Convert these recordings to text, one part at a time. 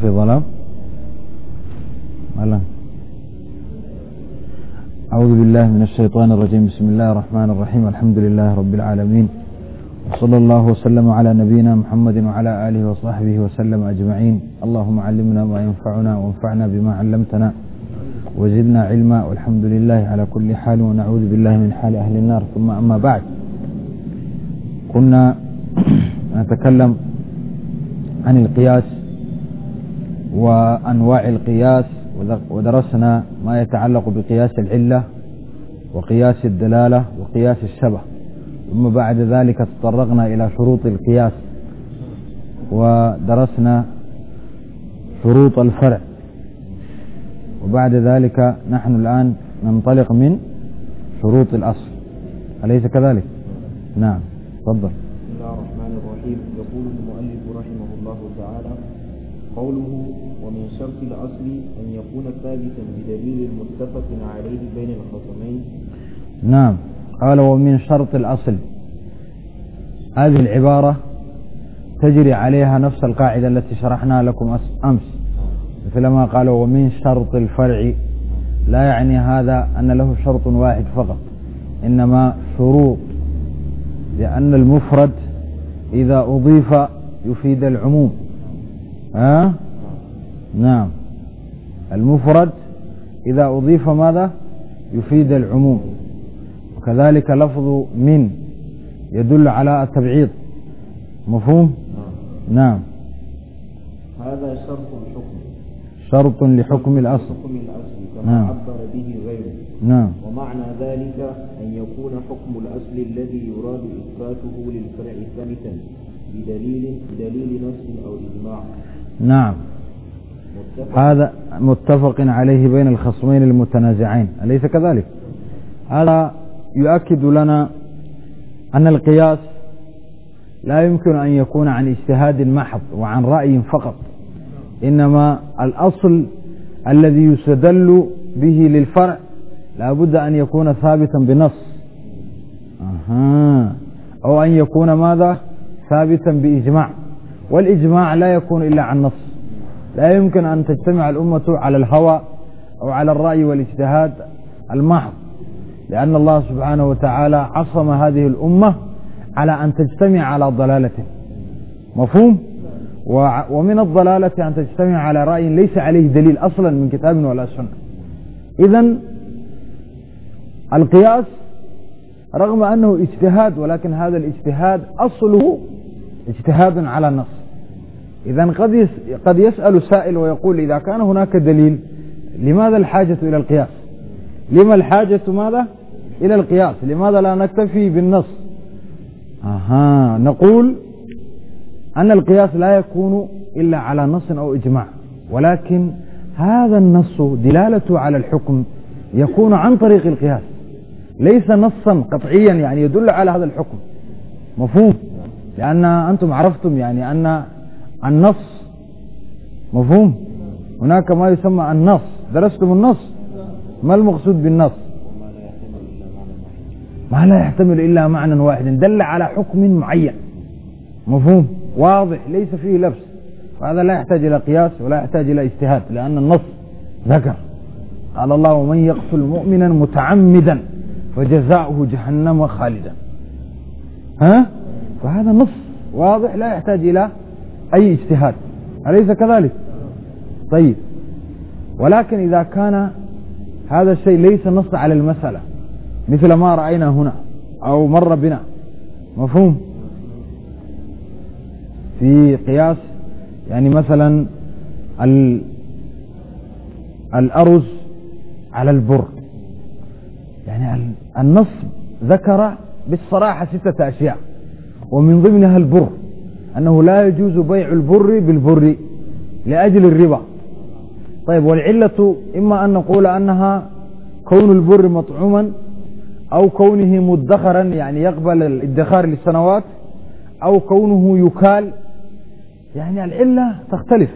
في ظلام ألا أعوذ بالله من الشيطان الرجيم بسم الله الرحمن الرحيم الحمد لله رب العالمين وصلى الله وسلم على نبينا محمد وعلى آله وصحبه وسلم أجمعين اللهم علمنا ما ينفعنا وانفعنا بما علمتنا وزدنا علما والحمد لله على كل حال ونعوذ بالله من حال أهل النار ثم أما بعد كنا نتكلم عن القياس وأنواع القياس ودرسنا ما يتعلق بقياس العلة وقياس الدلالة وقياس الشبه ثم بعد ذلك تطرقنا إلى شروط القياس ودرسنا شروط الفرع وبعد ذلك نحن الآن ننطلق من شروط الأصل أليس كذلك؟ نعم تفضل بسم الله الرحمن الرحيم يقول المؤلف رحمه الله تعالى قوله الشرط الأصل أن يكون ثابتا بدليل متفق عليه بين الخصمين نعم قال ومن شرط الأصل هذه العبارة تجري عليها نفس القاعدة التي شرحناها لكم أمس مثلما قالوا ومن شرط الفرع لا يعني هذا أن له شرط واحد فقط إنما شروط لأن المفرد إذا أضيف يفيد العموم ها أه؟ نعم المفرد إذا أضيف ماذا يفيد العموم وكذلك لفظ من يدل على التبعيض مفهوم نعم هذا شرط حكم شرط لحكم الأصل حكم الأصل كما نعم. عبر به غيره نعم ومعنى ذلك أن يكون حكم الأصل الذي يراد إثباته للفرع ثابتا بدليل بدليل نص أو إجماع نعم هذا متفق عليه بين الخصمين المتنازعين أليس كذلك هذا يؤكد لنا أن القياس لا يمكن أن يكون عن اجتهاد محض وعن رأي فقط إنما الأصل الذي يستدل به للفرع لا بد أن يكون ثابتا بنص أها أو أن يكون ماذا ثابتا بإجماع والإجماع لا يكون إلا عن نص لا يمكن أن تجتمع الأمة على الهوى أو على الرأي والاجتهاد المحض لأن الله سبحانه وتعالى عصم هذه الأمة على أن تجتمع على ضلالة مفهوم ومن الضلالة أن تجتمع على رأي ليس عليه دليل أصلا من كتاب ولا سنة إذا القياس رغم أنه اجتهاد ولكن هذا الاجتهاد أصله اجتهاد على النص إذا قد قد يسأل سائل ويقول إذا كان هناك دليل لماذا الحاجة إلى القياس؟ لما الحاجة ماذا؟ إلى القياس، لماذا لا نكتفي بالنص؟ أها نقول أن القياس لا يكون إلا على نص أو إجماع، ولكن هذا النص دلالته على الحكم يكون عن طريق القياس، ليس نصا قطعيا يعني يدل على هذا الحكم، مفهوم؟ لأن أنتم عرفتم يعني أن النص مفهوم هناك ما يسمى النص درستم النص ما المقصود بالنص ما لا يحتمل إلا معنى واحد دل على حكم معين مفهوم واضح ليس فيه لبس فهذا لا يحتاج إلى قياس ولا يحتاج إلى اجتهاد لأن النص ذكر قال الله من يقتل مؤمنا متعمدا فجزاؤه جهنم خالدا ها فهذا نص واضح لا يحتاج إلى أي اجتهاد أليس كذلك طيب ولكن إذا كان هذا الشيء ليس نص على المسألة مثل ما رأينا هنا أو مر بنا مفهوم في قياس يعني مثلا الأرز على البر يعني النص ذكر بالصراحة ستة أشياء ومن ضمنها البر أنه لا يجوز بيع البر بالبر لأجل الربا طيب والعلة إما أن نقول أنها كون البر مطعوما أو كونه مدخرا يعني يقبل الادخار للسنوات أو كونه يكال يعني العلة تختلف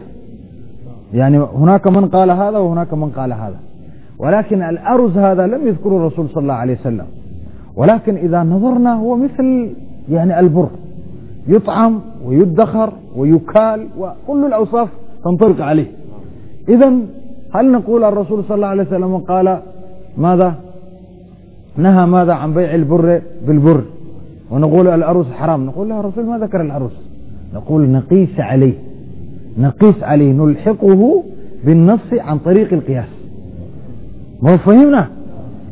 يعني هناك من قال هذا وهناك من قال هذا ولكن الأرز هذا لم يذكره الرسول صلى الله عليه وسلم ولكن إذا نظرنا هو مثل يعني البر يطعم ويدخر ويكال وكل الأوصاف تنطلق عليه إذا هل نقول الرسول صلى الله عليه وسلم قال ماذا نهى ماذا عن بيع البر بالبر ونقول العروس حرام نقول لا الرسول ما ذكر العروس نقول نقيس عليه نقيس عليه نلحقه بالنص عن طريق القياس ما فهمنا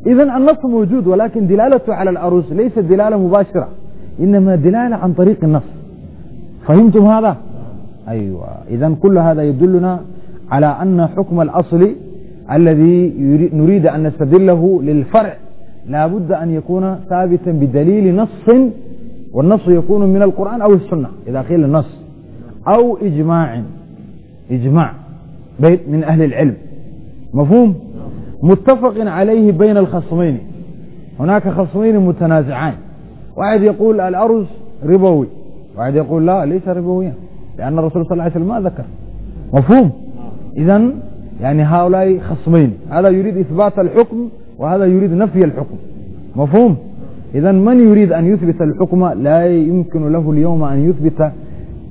إذا النص موجود ولكن دلالته على العروس ليست دلالة مباشرة إنما دلالة عن طريق النص فهمتم هذا؟ أيوة إذا كل هذا يدلنا على أن حكم الأصل الذي نريد أن نستدله للفرع لا بد أن يكون ثابتا بدليل نص والنص يكون من القرآن أو السنة إذا قيل النص أو إجماع إجماع بيت من أهل العلم مفهوم متفق عليه بين الخصمين هناك خصمين متنازعان واحد يقول الأرز ربوي واحد يقول لا ليس ربويا لأن الرسول صلى الله عليه وسلم ما ذكر مفهوم إذا يعني هؤلاء خصمين هذا يريد إثبات الحكم وهذا يريد نفي الحكم مفهوم إذا من يريد أن يثبت الحكم لا يمكن له اليوم أن يثبت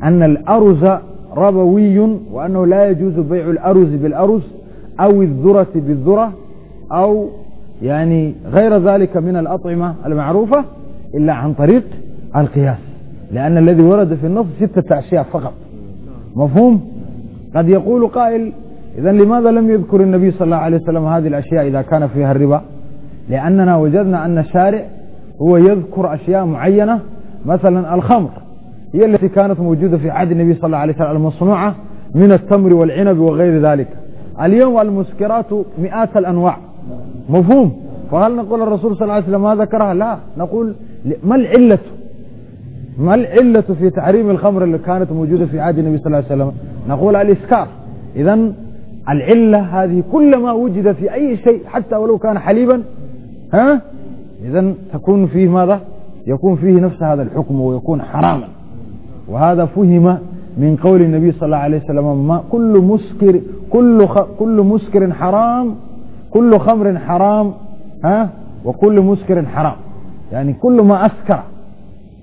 أن الأرز ربوي وأنه لا يجوز بيع الأرز بالأرز أو الذرة بالذرة أو يعني غير ذلك من الأطعمة المعروفة إلا عن طريق القياس لأن الذي ورد في النص ستة أشياء فقط مفهوم قد يقول قائل إذا لماذا لم يذكر النبي صلى الله عليه وسلم هذه الأشياء إذا كان فيها الربا لأننا وجدنا أن الشارع هو يذكر أشياء معينة مثلا الخمر هي التي كانت موجودة في عهد النبي صلى الله عليه وسلم المصنوعة من التمر والعنب وغير ذلك اليوم المسكرات مئات الأنواع مفهوم فهل نقول الرسول صلى الله عليه وسلم ما ذكرها لا نقول ما العلة ما العلة في تحريم الخمر اللي كانت موجودة في عهد النبي صلى الله عليه وسلم نقول الإسكار إذا العلة هذه كلما وجد في أي شيء حتى ولو كان حليبا ها إذا تكون فيه ماذا يكون فيه نفس هذا الحكم ويكون حراما وهذا فهم من قول النبي صلى الله عليه وسلم ما كل مسكر كل خ... كل مسكر حرام كل خمر حرام ها وكل مسكر حرام يعني كل ما أسكر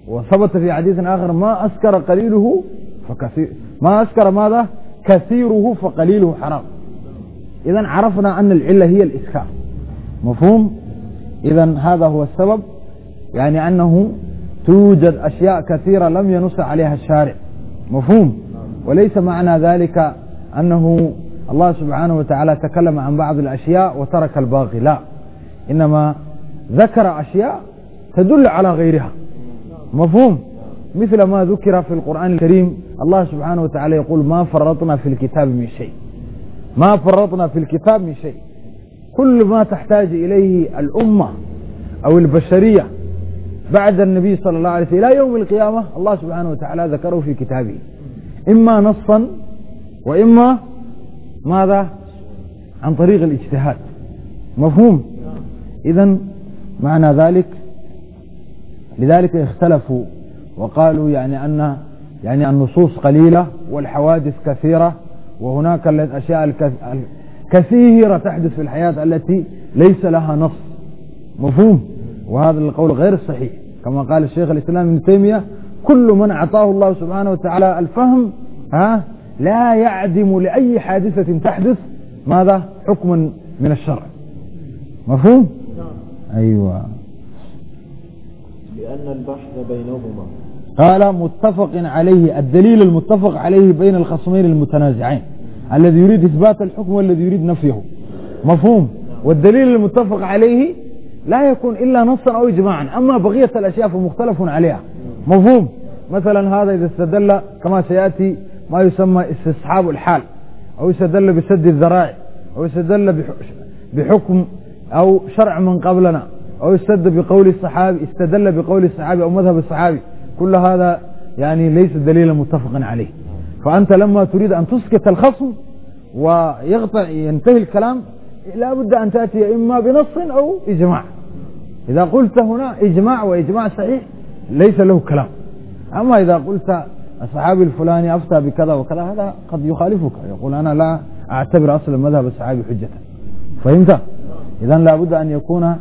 وثبت في حديث آخر ما أسكر قليله فكثير ما أسكر ماذا كثيره فقليله حرام إذا عرفنا أن العلة هي الإسكار مفهوم إذا هذا هو السبب يعني أنه توجد أشياء كثيرة لم ينص عليها الشارع مفهوم وليس معنى ذلك أنه الله سبحانه وتعالى تكلم عن بعض الأشياء وترك الباقي لا إنما ذكر أشياء تدل على غيرها مفهوم مثل ما ذكر في القرآن الكريم الله سبحانه وتعالى يقول ما فرطنا في الكتاب من شيء ما فرطنا في الكتاب من شيء كل ما تحتاج إليه الأمة أو البشرية بعد النبي صلى الله عليه وسلم إلى يوم القيامة الله سبحانه وتعالى ذكره في كتابه إما نصا وإما ماذا عن طريق الاجتهاد مفهوم إذا معنى ذلك لذلك اختلفوا وقالوا يعني أن يعني النصوص قليلة والحوادث كثيرة وهناك الأشياء الكثيرة تحدث في الحياة التي ليس لها نص مفهوم وهذا القول غير صحيح كما قال الشيخ الإسلام ابن تيمية كل من أعطاه الله سبحانه وتعالى الفهم ها لا يعدم لأي حادثة تحدث ماذا حكما من الشرع مفهوم نعم. أيوه لأن البحث بينهما هذا متفق عليه الدليل المتفق عليه بين الخصمين المتنازعين الذي يريد إثبات الحكم والذي يريد نفيه مفهوم والدليل المتفق عليه لا يكون إلا نصا أو إجماعا أما بقية الأشياء فمختلف عليها مفهوم مثلا هذا إذا استدل كما سيأتي ما يسمى استصحاب الحال أو استدل بسد الذرائع أو استدل بحكم أو شرع من قبلنا أو استد بقول الصحابي استدل بقول الصحابي أو مذهب الصحابي كل هذا يعني ليس دليلا متفقا عليه فأنت لما تريد أن تسكت الخصم وينتهي الكلام لا بد أن تأتي إما بنص أو إجماع إذا قلت هنا إجماع وإجماع صحيح ليس له كلام أما إذا قلت الصحابي الفلاني أفتى بكذا وكذا هذا قد يخالفك يقول أنا لا أعتبر أصل المذهب الصحابي حجة فهمت؟ إذا لابد أن يكون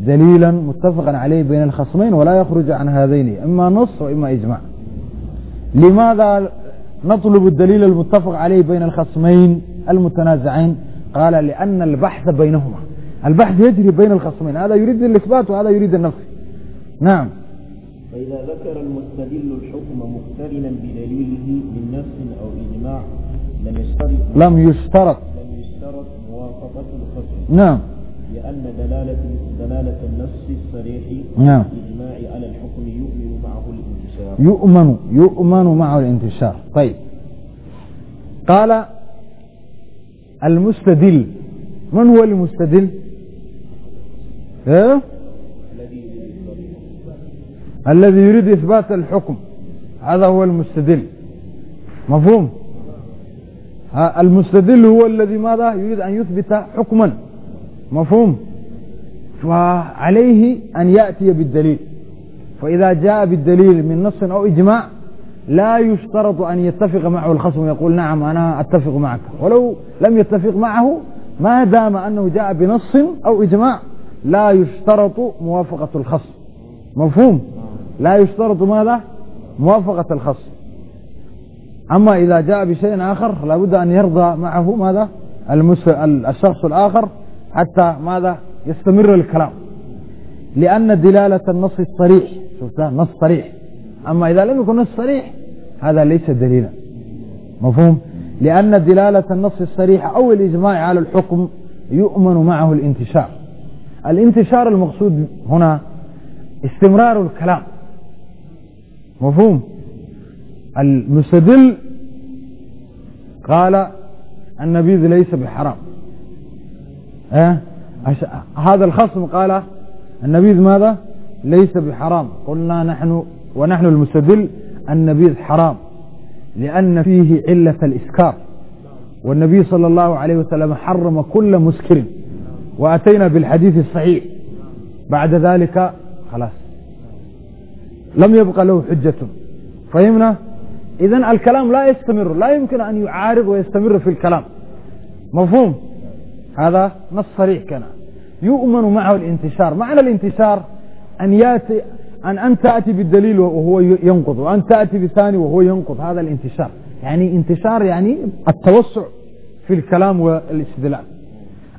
دليلا متفقا عليه بين الخصمين ولا يخرج عن هذين إما نص وإما إجماع لماذا نطلب الدليل المتفق عليه بين الخصمين المتنازعين قال لأن البحث بينهما البحث يجري بين الخصمين هذا يريد الإثبات وهذا يريد النفس نعم فإذا ذكر المستدل الحكم مقترنا بدليله من نفس أو إجماع لم يشترط لم يشترط لم يشترط موافقة الخصم نعم لأن دلالة دلالة النص الصريح نعم الإجماع على الحكم يؤمن معه الانتشار يؤمن يؤمن معه الانتشار طيب قال المستدل من هو المستدل؟ إيه؟ الذي يريد إثبات الحكم هذا هو المستدل مفهوم المستدل هو الذي ماذا يريد أن يثبت حكما مفهوم فعليه أن يأتي بالدليل فإذا جاء بالدليل من نص أو إجماع لا يشترط أن يتفق معه الخصم يقول نعم أنا أتفق معك ولو لم يتفق معه ما دام أنه جاء بنص أو إجماع لا يشترط موافقة الخصم مفهوم لا يشترط ماذا موافقة الخصم أما إذا جاء بشيء آخر لابد أن يرضى معه ماذا الشخص الآخر حتى ماذا يستمر الكلام لأن دلالة النص الصريح شفتها نص صريح أما إذا لم يكن نص صريح هذا ليس دليلا مفهوم لأن دلالة النص الصريح أو الإجماع على الحكم يؤمن معه الانتشار الانتشار المقصود هنا استمرار الكلام مفهوم المستدل قال النبيذ ليس بحرام إيه؟ هذا الخصم قال النبيذ ماذا ليس بحرام قلنا نحن ونحن المستدل النبيذ حرام لأن فيه علة الإسكار والنبي صلى الله عليه وسلم حرم كل مسكر وأتينا بالحديث الصحيح بعد ذلك خلاص لم يبقى له حجة فهمنا إذا الكلام لا يستمر لا يمكن أن يعارض ويستمر في الكلام مفهوم هذا نص صريح كان يؤمن معه الانتشار معنى الانتشار أن يأتي أن أن تأتي بالدليل وهو ينقض وأن تأتي بالثاني وهو ينقض هذا الانتشار يعني انتشار يعني التوسع في الكلام والاستدلال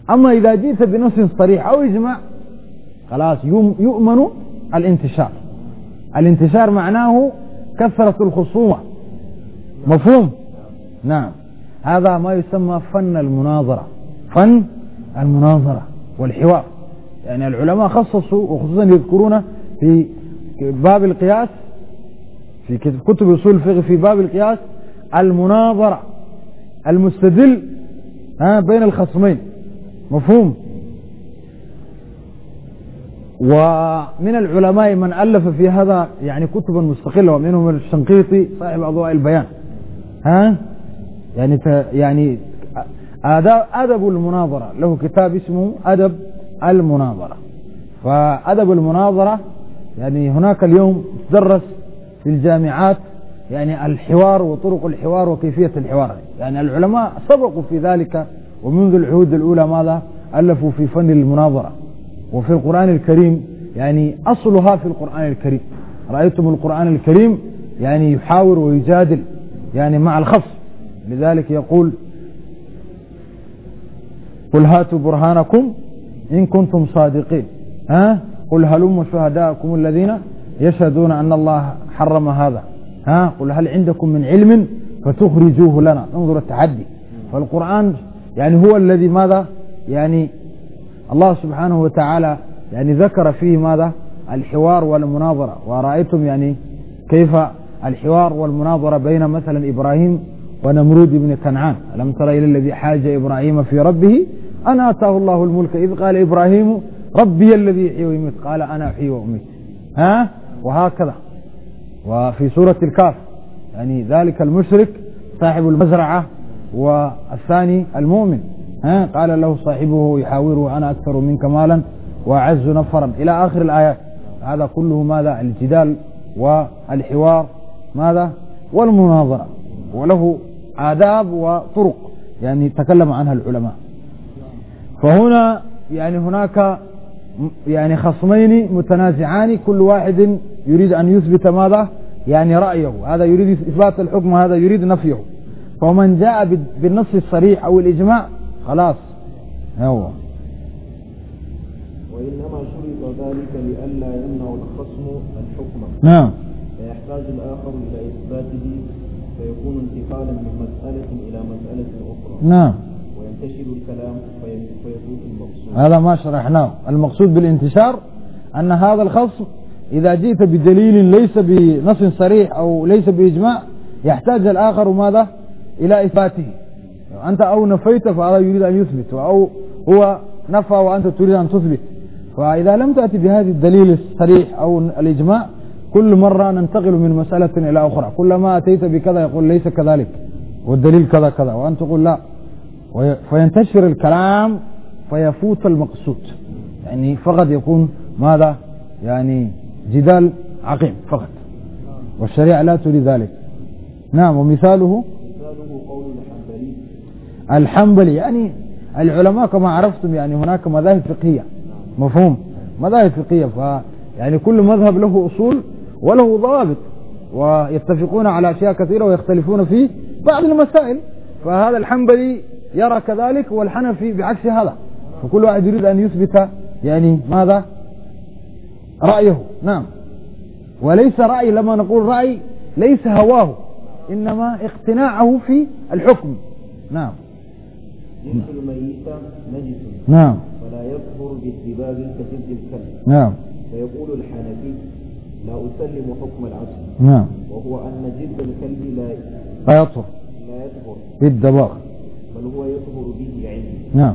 أما إذا جئت بنص صريح أو إجماع خلاص يؤمن الانتشار الانتشار معناه كثرة الخصومة مفهوم نعم هذا ما يسمى فن المناظرة فن المناظرة والحوار يعني العلماء خصصوا وخصوصا يذكرون في باب القياس في كتب اصول الفقه في باب القياس المناظرة المستدل ها بين الخصمين مفهوم ومن العلماء من ألف في هذا يعني كتبا مستقلة ومنهم الشنقيطي صاحب أضواء البيان ها يعني يعني آداب أدب المناظرة له كتاب اسمه أدب المناظرة فأدب المناظرة يعني هناك اليوم تدرس في الجامعات يعني الحوار وطرق الحوار وكيفية الحوار يعني العلماء سبقوا في ذلك ومنذ العهود الأولى ماذا ألفوا في فن المناظرة وفي القرآن الكريم يعني أصلها في القرآن الكريم رأيتم القرآن الكريم يعني يحاور ويجادل يعني مع الخص لذلك يقول قل هاتوا برهانكم إن كنتم صادقين ها قل هلموا شهداءكم الذين يشهدون أن الله حرم هذا ها قل هل عندكم من علم فتخرجوه لنا انظر التحدي فالقرآن يعني هو الذي ماذا يعني الله سبحانه وتعالى يعني ذكر فيه ماذا الحوار والمناظرة ورأيتم يعني كيف الحوار والمناظرة بين مثلا إبراهيم ونمرود بن كنعان ألم تر إلى الذي حاج إبراهيم في ربه أن آتاه الله الملك إذ قال إبراهيم ربي الذي يحيي ويميت قال أنا أحيي وأميت ها وهكذا وفي سورة الكاف يعني ذلك المشرك صاحب المزرعة والثاني المؤمن ها قال له صاحبه يحاوره أنا أكثر منك مالا وأعز نفرا إلى آخر الآيات هذا كله ماذا الجدال والحوار ماذا والمناظرة وله آداب وطرق يعني تكلم عنها العلماء فهنا يعني هناك يعني خصمين متنازعان كل واحد يريد أن يثبت ماذا يعني رأيه هذا يريد إثبات الحكم هذا يريد نفيه فمن جاء بالنص الصريح أو الإجماع خلاص هو وإنما شرط ذلك لئلا يمنع الخصم الحكم نعم فيحتاج الآخر إلى إثباته يكون انتقالا من مسألة إلى مسألة أخرى نعم وينتشر الكلام فيفوت المقصود هذا ما شرحناه نعم. المقصود بالانتشار أن هذا الخصم إذا جئت بدليل ليس بنص صريح أو ليس بإجماع يحتاج الآخر ماذا إلى إثباته أنت أو نفيت فهذا يريد أن يثبت أو هو نفى وأنت تريد أن تثبت فإذا لم تأتي بهذا الدليل الصريح أو الإجماع كل مرة ننتقل من مسألة إلى أخرى كلما أتيت بكذا يقول ليس كذلك والدليل كذا كذا وأنت تقول لا فينتشر الكلام فيفوت المقصود يعني فقط يكون ماذا يعني جدال عقيم فقط والشريعة لا تريد ذلك نعم ومثاله مثاله قول الحنبلي الحنبلي يعني العلماء كما عرفتم يعني هناك مذاهب فقهية مفهوم مذاهب فقهية ف يعني كل مذهب له أصول وله ضابط ويتفقون على أشياء كثيرة ويختلفون في بعض المسائل فهذا الحنبلي يرى كذلك والحنفي بعكس هذا فكل واحد يريد أن يثبت يعني ماذا رأيه نعم وليس رأي لما نقول رأي ليس هواه إنما اقتناعه في الحكم نعم يدخل ميتا نجس نعم ولا يكفر بسباب كسد الكلب نعم فيقول الحنفي لا أسلم حكم العصر نعم وهو أن جلد الكلب لا لا يطهر لا يطهر بالدباغ بل هو يطهر به عندي نعم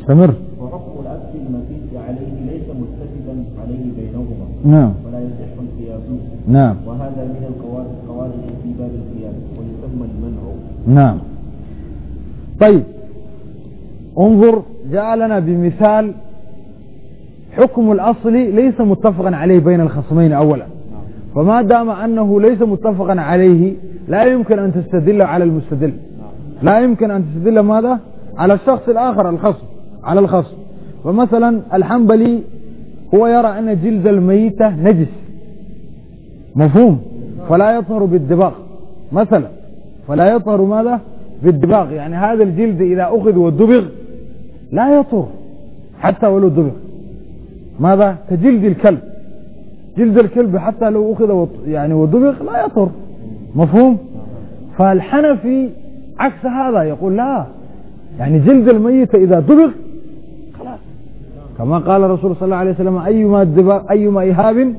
استمر وحكم العبد المزيد عليه ليس متفقا عليه بينهما نعم ولا يصح القياس نعم وهذا من القواعد القواعد في باب القياس ويسمى المنع نعم طيب انظر جعلنا بمثال حكم الأصل ليس متفقا عليه بين الخصمين أولا فما دام أنه ليس متفقا عليه لا يمكن أن تستدل على المستدل لا يمكن أن تستدل ماذا على الشخص الآخر الخصم على الخصم فمثلا الحنبلي هو يرى أن جلد الميتة نجس مفهوم فلا يطهر بالدباغ مثلا فلا يطهر ماذا بالدباغ يعني هذا الجلد إذا أخذ ودبغ لا يطهر حتى ولو دبغ ماذا كجلد الكلب جلد الكلب حتى لو أخذ يعني ودبغ لا يطر مفهوم فالحنفي عكس هذا يقول لا يعني جلد الميت إذا دبغ خلاص كما قال الرسول صلى الله عليه وسلم أيما, أيما إهاب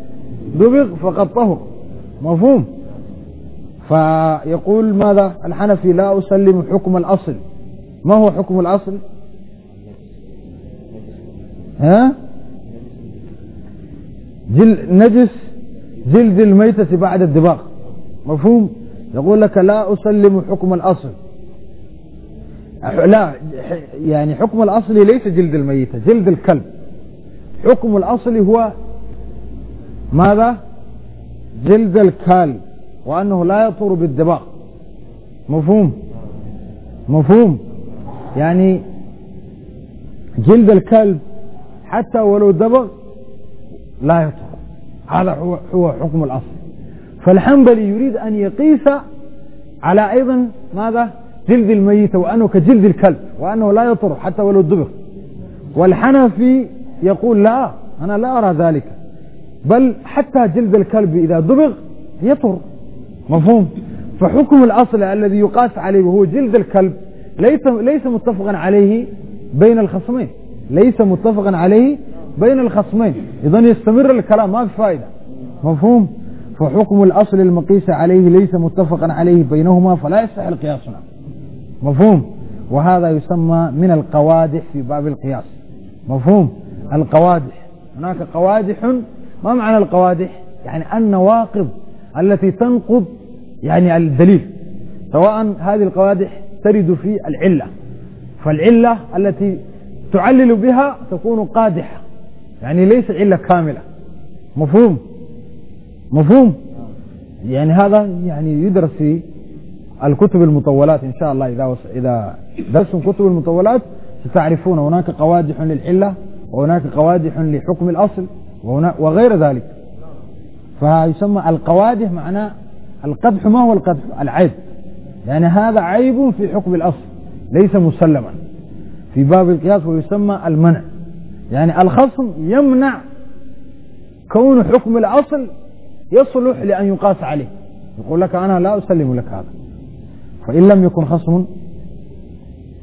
دبغ فقد طهر مفهوم فيقول ماذا الحنفي لا أسلم حكم الأصل ما هو حكم الأصل ها جل نجس جلد الميتة بعد الدباغ مفهوم يقول لك لا أسلم حكم الأصل لا يعني حكم الأصل ليس جلد الميتة جلد الكلب حكم الأصل هو ماذا جلد الكلب وأنه لا يطور بالدباغ مفهوم مفهوم يعني جلد الكلب حتى ولو دبغ لا يطهر هذا هو, هو حكم الأصل فالحنبلي يريد أن يقيس على أيضا ماذا جلد الميت وأنه كجلد الكلب وأنه لا يطهر حتى ولو دبغ والحنفي يقول لا أنا لا أرى ذلك بل حتى جلد الكلب إذا دبغ يطر مفهوم فحكم الأصل الذي يقاس عليه وهو جلد الكلب ليس ليس متفقا عليه بين الخصمين ليس متفقا عليه بين الخصمين إذا يستمر الكلام ما في فائدة مفهوم فحكم الأصل المقيس عليه ليس متفقا عليه بينهما فلا يستحق القياس هنا مفهوم وهذا يسمى من القوادح في باب القياس مفهوم القوادح هناك قوادح ما معنى القوادح يعني النواقض التي تنقض يعني الدليل سواء هذه القوادح ترد في العلة فالعلة التي تعلل بها تكون قادحة يعني ليس علة كاملة مفهوم مفهوم يعني هذا يعني يدرس في الكتب المطولات إن شاء الله إذا وص... إذا درسوا كتب المطولات ستعرفون هناك قوادح للعلة وهناك قوادح لحكم الأصل وهنا... وغير ذلك فيسمى القوادح معناه القدح ما هو القدح العيب يعني هذا عيب في حكم الأصل ليس مسلما في باب القياس ويسمى المنع يعني الخصم يمنع كون حكم الأصل يصلح لأن يقاس عليه يقول لك أنا لا أسلم لك هذا فإن لم يكن خصم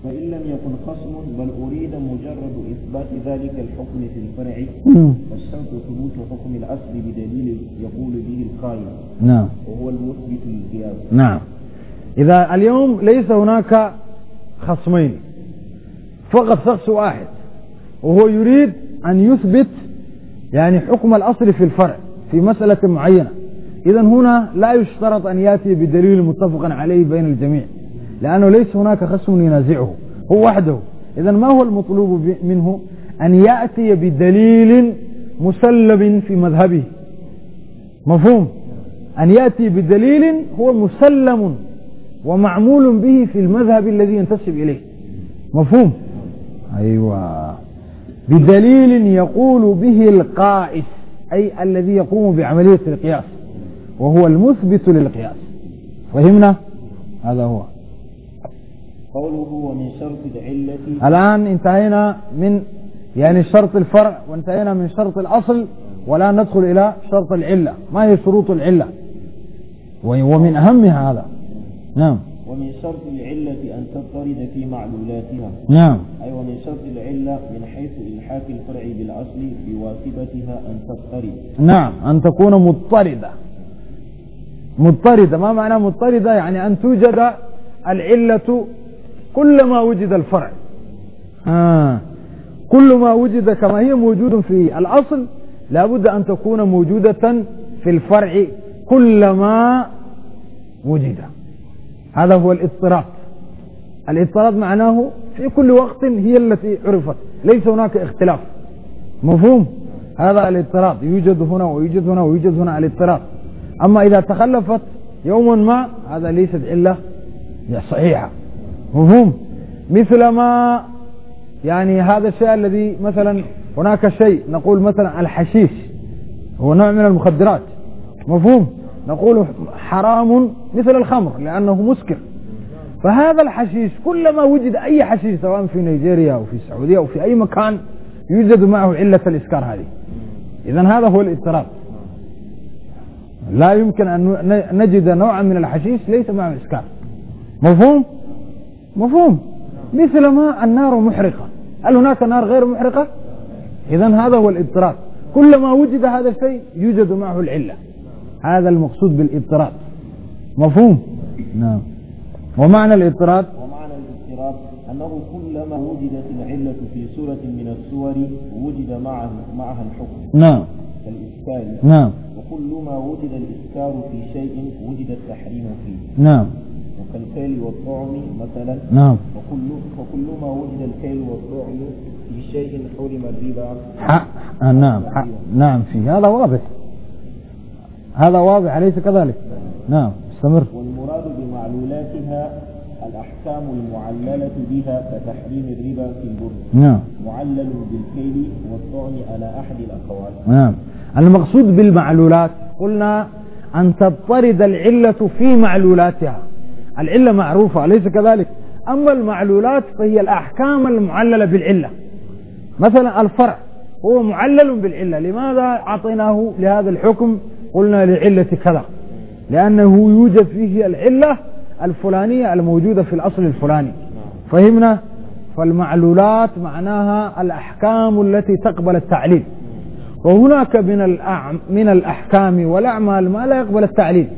فإن لم يكن خصم بل أريد مجرد إثبات ذلك الحكم في الفرع فالشرط ثبوت حكم الأصل بدليل يقول به القائل نعم وهو المثبت للقياس نعم إذا اليوم ليس هناك خصمين فقط شخص واحد وهو يريد أن يثبت يعني حكم الأصل في الفرع في مسألة معينة إذا هنا لا يشترط أن يأتي بدليل متفق عليه بين الجميع لأنه ليس هناك خصم ينازعه هو وحده إذا ما هو المطلوب منه أن يأتي بدليل مسلم في مذهبه مفهوم أن يأتي بدليل هو مسلم ومعمول به في المذهب الذي ينتسب إليه مفهوم أيوه بدليل يقول به القائس أي الذي يقوم بعملية القياس وهو المثبت للقياس فهمنا هذا هو قوله ومن شرط العلة الآن انتهينا من يعني شرط الفرع وانتهينا من شرط الأصل ولا ندخل إلى شرط العلة ما هي شروط العلة ومن أهمها هذا نعم ومن شرط العلة أن تضطرد في معلولاتها نعم أي ومن شرط العلة من حيث إلحاق الفرع بالأصل بواسطتها أن تضطرد نعم أن تكون مضطردة مضطردة ما معنى مضطردة يعني أن توجد العلة كلما وجد الفرع آه. كل ما وجد كما هي موجود في الأصل لابد أن تكون موجودة في الفرع كلما وجد هذا هو الاضطراب الاضطراب معناه في كل وقت هي التي عرفت ليس هناك اختلاف مفهوم هذا الاضطراب يوجد هنا ويوجد هنا ويوجد هنا الاضطراب أما إذا تخلفت يوما ما هذا ليست إلا صحيحة مفهوم مثل ما يعني هذا الشيء الذي مثلا هناك شيء نقول مثلا الحشيش هو نوع من المخدرات مفهوم نقول حرام مثل الخمر لأنه مسكر فهذا الحشيش كلما وجد أي حشيش سواء في نيجيريا أو في السعودية أو في أي مكان يوجد معه علة الإسكار هذه إذا هذا هو الاضطراب لا يمكن أن نجد نوعا من الحشيش ليس معه إسكار مفهوم؟ مفهوم مثل ما النار محرقة هل هناك نار غير محرقة؟ إذا هذا هو الاضطراب كلما وجد هذا الشيء يوجد معه العلة هذا المقصود بالاضطراب مفهوم نعم ومعنى الاضطراب ومعنى الاضطراب أنه كلما وجدت العلة في سورة من السور وجد معه معها الحكم نعم كالإسكال نعم وكل ما وجد الإسكار في شيء وجد التحريم فيه نعم وكالكيل والطعم مثلا نعم وكل وكل ما وجد الكيل والطعم في شيء حرم الربا حق آه، نعم حق نعم فيه هذا واضح هذا واضح أليس كذلك نعم استمر والمراد بمعلولاتها الأحكام المعللة بها كتحريم الربا في البر نعم معلل بالكيل والطعن على أحد الأقوال نعم المقصود بالمعلولات قلنا أن تضطرد العلة في معلولاتها العلة معروفة أليس كذلك أما المعلولات فهي الأحكام المعللة بالعلة مثلا الفرع هو معلل بالعلة لماذا أعطيناه لهذا الحكم قلنا لعلة كذا لأنه يوجد فيه العلة الفلانية الموجودة في الأصل الفلاني فهمنا فالمعلولات معناها الأحكام التي تقبل التعليل وهناك من الأعم من الأحكام والأعمال ما لا يقبل التعليل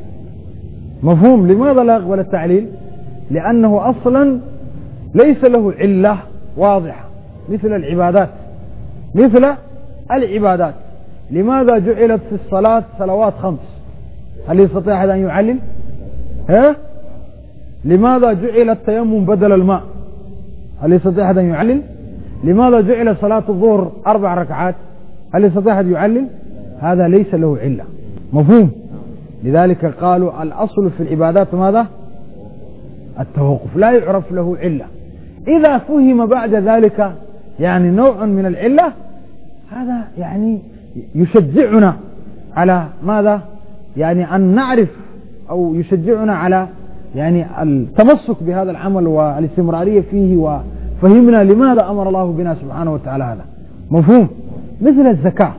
مفهوم لماذا لا يقبل التعليل لأنه أصلا ليس له علة واضحة مثل العبادات مثل العبادات لماذا جعلت في الصلاة صلوات خمس هل يستطيع أحد أن يعلم ها؟ لماذا جعل التيمم بدل الماء هل يستطيع أحد أن يعلم لماذا جعل صلاة الظهر أربع ركعات هل يستطيع أحد يعلم هذا ليس له علة مفهوم لذلك قالوا الأصل في العبادات ماذا التوقف لا يعرف له علة إذا فهم بعد ذلك يعني نوع من العلة هذا يعني يشجعنا على ماذا يعني أن نعرف أو يشجعنا على يعني التمسك بهذا العمل والاستمرارية فيه وفهمنا لماذا أمر الله بنا سبحانه وتعالى هذا مفهوم مثل الزكاة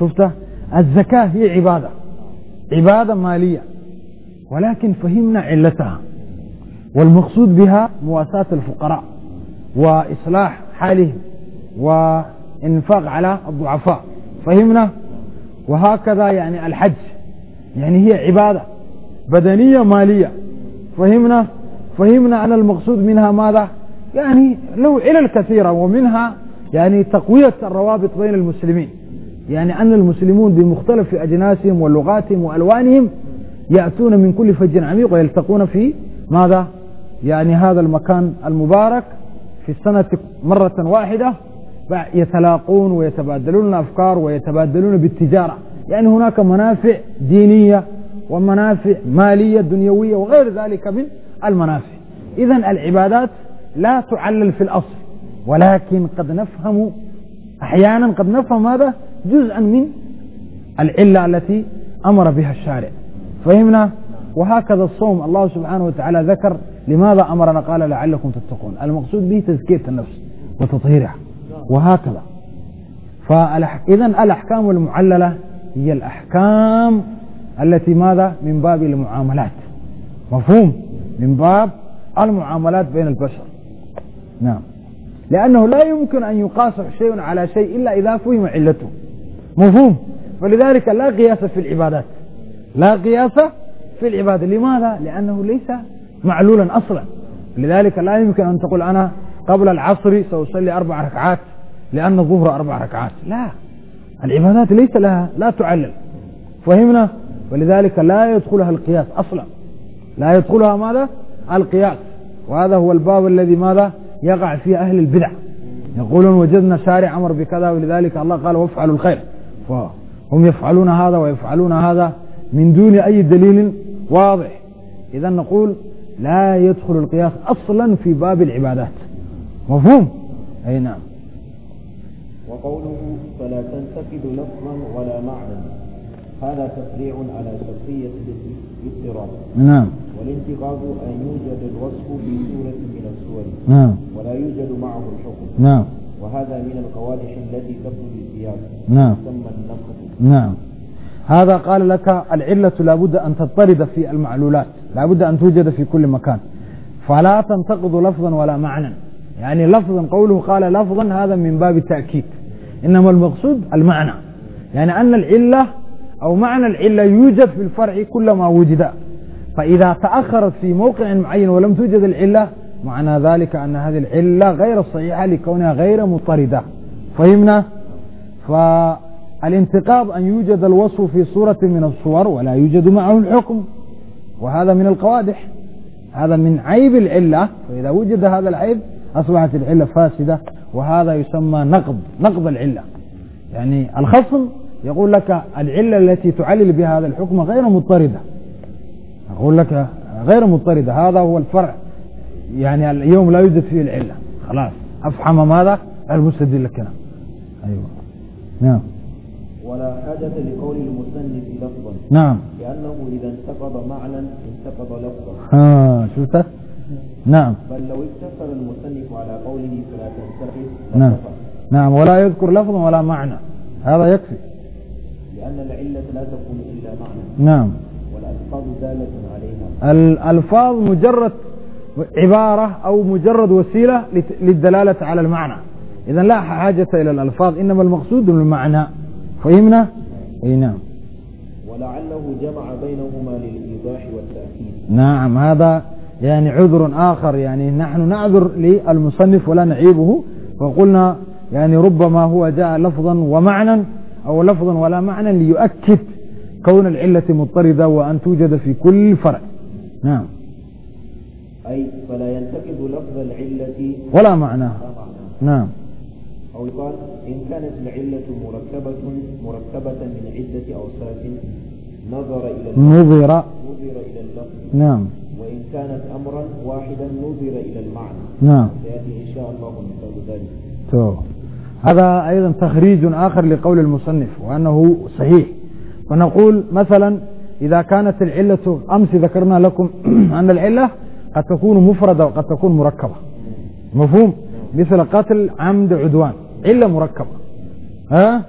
شفتها الزكاة هي عبادة عبادة مالية ولكن فهمنا علتها والمقصود بها مواساة الفقراء وإصلاح حالهم وإنفاق على الضعفاء فهمنا وهكذا يعني الحج يعني هي عبادة بدنية مالية فهمنا فهمنا أن المقصود منها ماذا يعني لو إلى الكثيرة ومنها يعني تقوية الروابط بين المسلمين يعني أن المسلمون بمختلف أجناسهم ولغاتهم وألوانهم يأتون من كل فج عميق ويلتقون في ماذا يعني هذا المكان المبارك في السنة مرة واحدة يتلاقون ويتبادلون الأفكار ويتبادلون بالتجارة يعني هناك منافع دينية ومنافع مالية دنيوية وغير ذلك من المنافع إذا العبادات لا تعلل في الأصل ولكن قد نفهم أحيانا قد نفهم هذا جزءا من العلة التي أمر بها الشارع فهمنا وهكذا الصوم الله سبحانه وتعالى ذكر لماذا أمرنا قال لعلكم تتقون المقصود به تزكية النفس وتطهيرها وهكذا فإذا الأحكام المعللة هي الأحكام التي ماذا من باب المعاملات مفهوم من باب المعاملات بين البشر نعم لأنه لا يمكن أن يقاس شيء على شيء إلا إذا فهم علته مفهوم فلذلك لا قياس في العبادات لا قياس في العبادة لماذا؟ لأنه ليس معلولا أصلا لذلك لا يمكن أن تقول أنا قبل العصر سأصلي أربع ركعات لأن الظهر أربع ركعات لا العبادات ليس لها لا تعلل فهمنا ولذلك لا يدخلها القياس أصلا لا يدخلها ماذا القياس وهذا هو الباب الذي ماذا يقع فيه أهل البدع يقولون وجدنا شارع أمر بكذا ولذلك الله قال وافعلوا الخير فهم يفعلون هذا ويفعلون هذا من دون أي دليل واضح إذا نقول لا يدخل القياس أصلا في باب العبادات مفهوم أي نعم وقوله فلا تنتقد لفظا ولا معنى هذا تفريع على شرطية الاضطراب نعم والانتقاد أن يوجد الوصف في سورة من السور نعم ولا يوجد معه الحكم نعم وهذا من القوادح التي تبدو السياق نعم تسمى النقد نعم هذا قال لك العلة لابد أن تضطرد في المعلولات لابد أن توجد في كل مكان فلا تنتقد لفظا ولا معنى يعني لفظا قوله قال لفظا هذا من باب التأكيد إنما المقصود المعنى يعني أن العلة أو معنى العلة يوجد في الفرع كلما وجد فإذا تأخرت في موقع معين ولم توجد العلة معنى ذلك أن هذه العلة غير صحيحة لكونها غير مطردة فهمنا؟ فالانتقاض أن يوجد الوصف في صورة من الصور ولا يوجد معه الحكم وهذا من القوادح هذا من عيب العلة فإذا وجد هذا العيب أصبحت العلة فاسدة وهذا يسمى نقض نقض العلة يعني الخصم يقول لك العلة التي تعلل بها هذا الحكم غير مضطردة أقول لك غير مضطردة هذا هو الفرع يعني اليوم لا يوجد فيه العلة خلاص أفحم ماذا المستدل الكلام أيوة نعم ولا حاجة لقول المسند لفظا نعم لأنه إذا انتقض معنى انتقض لفظا ها آه، شفته نعم بل لو اتصل المصنف على قوله فلا تنتقد نعم نعم ولا يذكر لفظا ولا معنى هذا يكفي لأن العلة لا تكون إلا معنى نعم والألفاظ دالة عليها الألفاظ مجرد عبارة أو مجرد وسيلة للدلالة على المعنى إذا لا حاجة إلى الألفاظ إنما المقصود المعنى فهمنا؟ نعم. أي نعم ولعله جمع بينهما للإيضاح والتأكيد نعم هذا يعني عذر آخر يعني نحن نعذر للمصنف ولا نعيبه وقلنا يعني ربما هو جاء لفظا ومعنى أو لفظا ولا معنى ليؤكد كون العلة مضطردة وأن توجد في كل فرع نعم أي فلا ينتقد لفظ العلة ولا معناها معنى. نعم أو يقال إن كانت العلة مركبة مركبة من عدة أوصاف نظر إلى نظر نظر إلى اللفظ نعم كانت أمرا واحدا نظر إلى المعنى نعم سيأتي إن شاء الله مثال ذلك تو. هذا أيضا تخريج آخر لقول المصنف وأنه صحيح فنقول مثلا إذا كانت العلة أمس ذكرنا لكم أن العلة قد تكون مفردة وقد تكون مركبة مفهوم مثل قتل عمد عدوان علة مركبة ها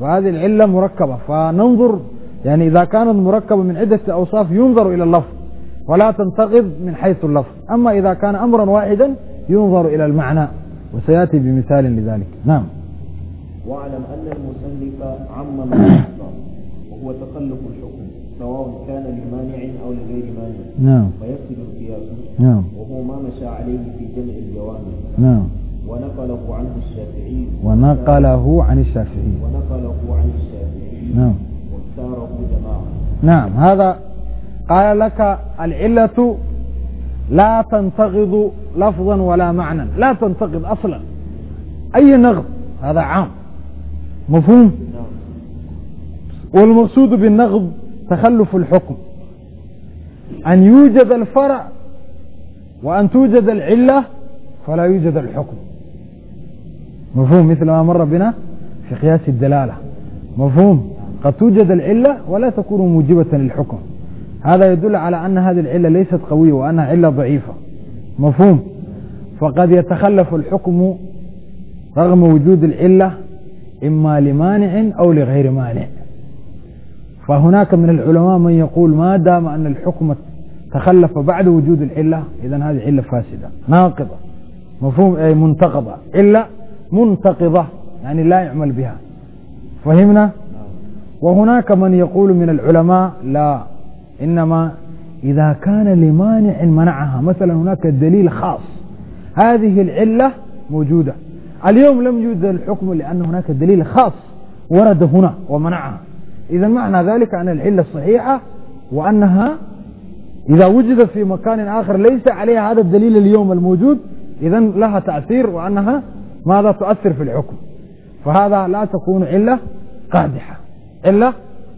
فهذه العلة مركبة فننظر يعني إذا كانت مركبة من عدة أوصاف ينظر إلى اللفظ ولا تنتقض من حيث اللفظ أما إذا كان أمرا واحدا ينظر إلى المعنى وسيأتي بمثال لذلك نعم واعلم أن المسلف عم الأخطاء وهو تخلف الحكم سواء كان لمانع أو لغير مانع نعم فيفسد القياس نعم وهو ما مشى عليه في جمع الجوامع نعم ونقله عنه الشافعي ونقله عن الشافعي ونقله عن الشافعي نعم واختاره جماعة نعم هذا قال لك العلة لا تنتقض لفظا ولا معنى لا تنتقض أصلا أي نغض هذا عام مفهوم والمقصود بالنغض تخلف الحكم أن يوجد الفرع وأن توجد العلة فلا يوجد الحكم مفهوم مثل ما مر بنا في قياس الدلالة مفهوم قد توجد العلة ولا تكون موجبة للحكم هذا يدل على أن هذه العلة ليست قوية وأنها علة ضعيفة مفهوم فقد يتخلف الحكم رغم وجود العلة إما لمانع أو لغير مانع فهناك من العلماء من يقول ما دام أن الحكم تخلف بعد وجود العلة إذا هذه علة فاسدة ناقضة مفهوم أي منتقضة علة منتقضة يعني لا يعمل بها فهمنا نعم. وهناك من يقول من العلماء لا إنما إذا كان لمانع منعها مثلا هناك دليل خاص هذه العلة موجودة اليوم لم يوجد الحكم لأن هناك دليل خاص ورد هنا ومنعها إذا معنى ذلك أن العلة صحيحة وأنها إذا وجدت في مكان آخر ليس عليها هذا الدليل اليوم الموجود إذا لها تأثير وأنها ماذا تؤثر في الحكم فهذا لا تكون علة قادحة علة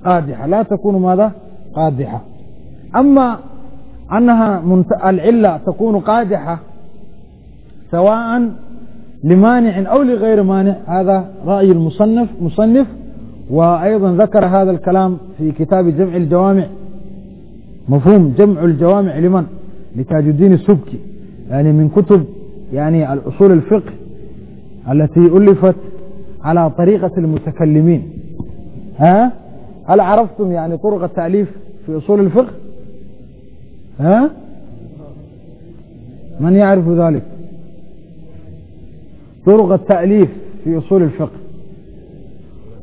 قادحة لا تكون ماذا قادحة أما أنها العلة تكون قادحة سواء لمانع أو لغير مانع هذا رأي المصنف مصنف وأيضا ذكر هذا الكلام في كتاب جمع الجوامع مفهوم جمع الجوامع لمن لتاج الدين السبكي يعني من كتب يعني الأصول الفقه التي ألفت على طريقة المتكلمين ها هل عرفتم يعني طرق التأليف في أصول الفقه ها من يعرف ذلك طرق التأليف في أصول الفقه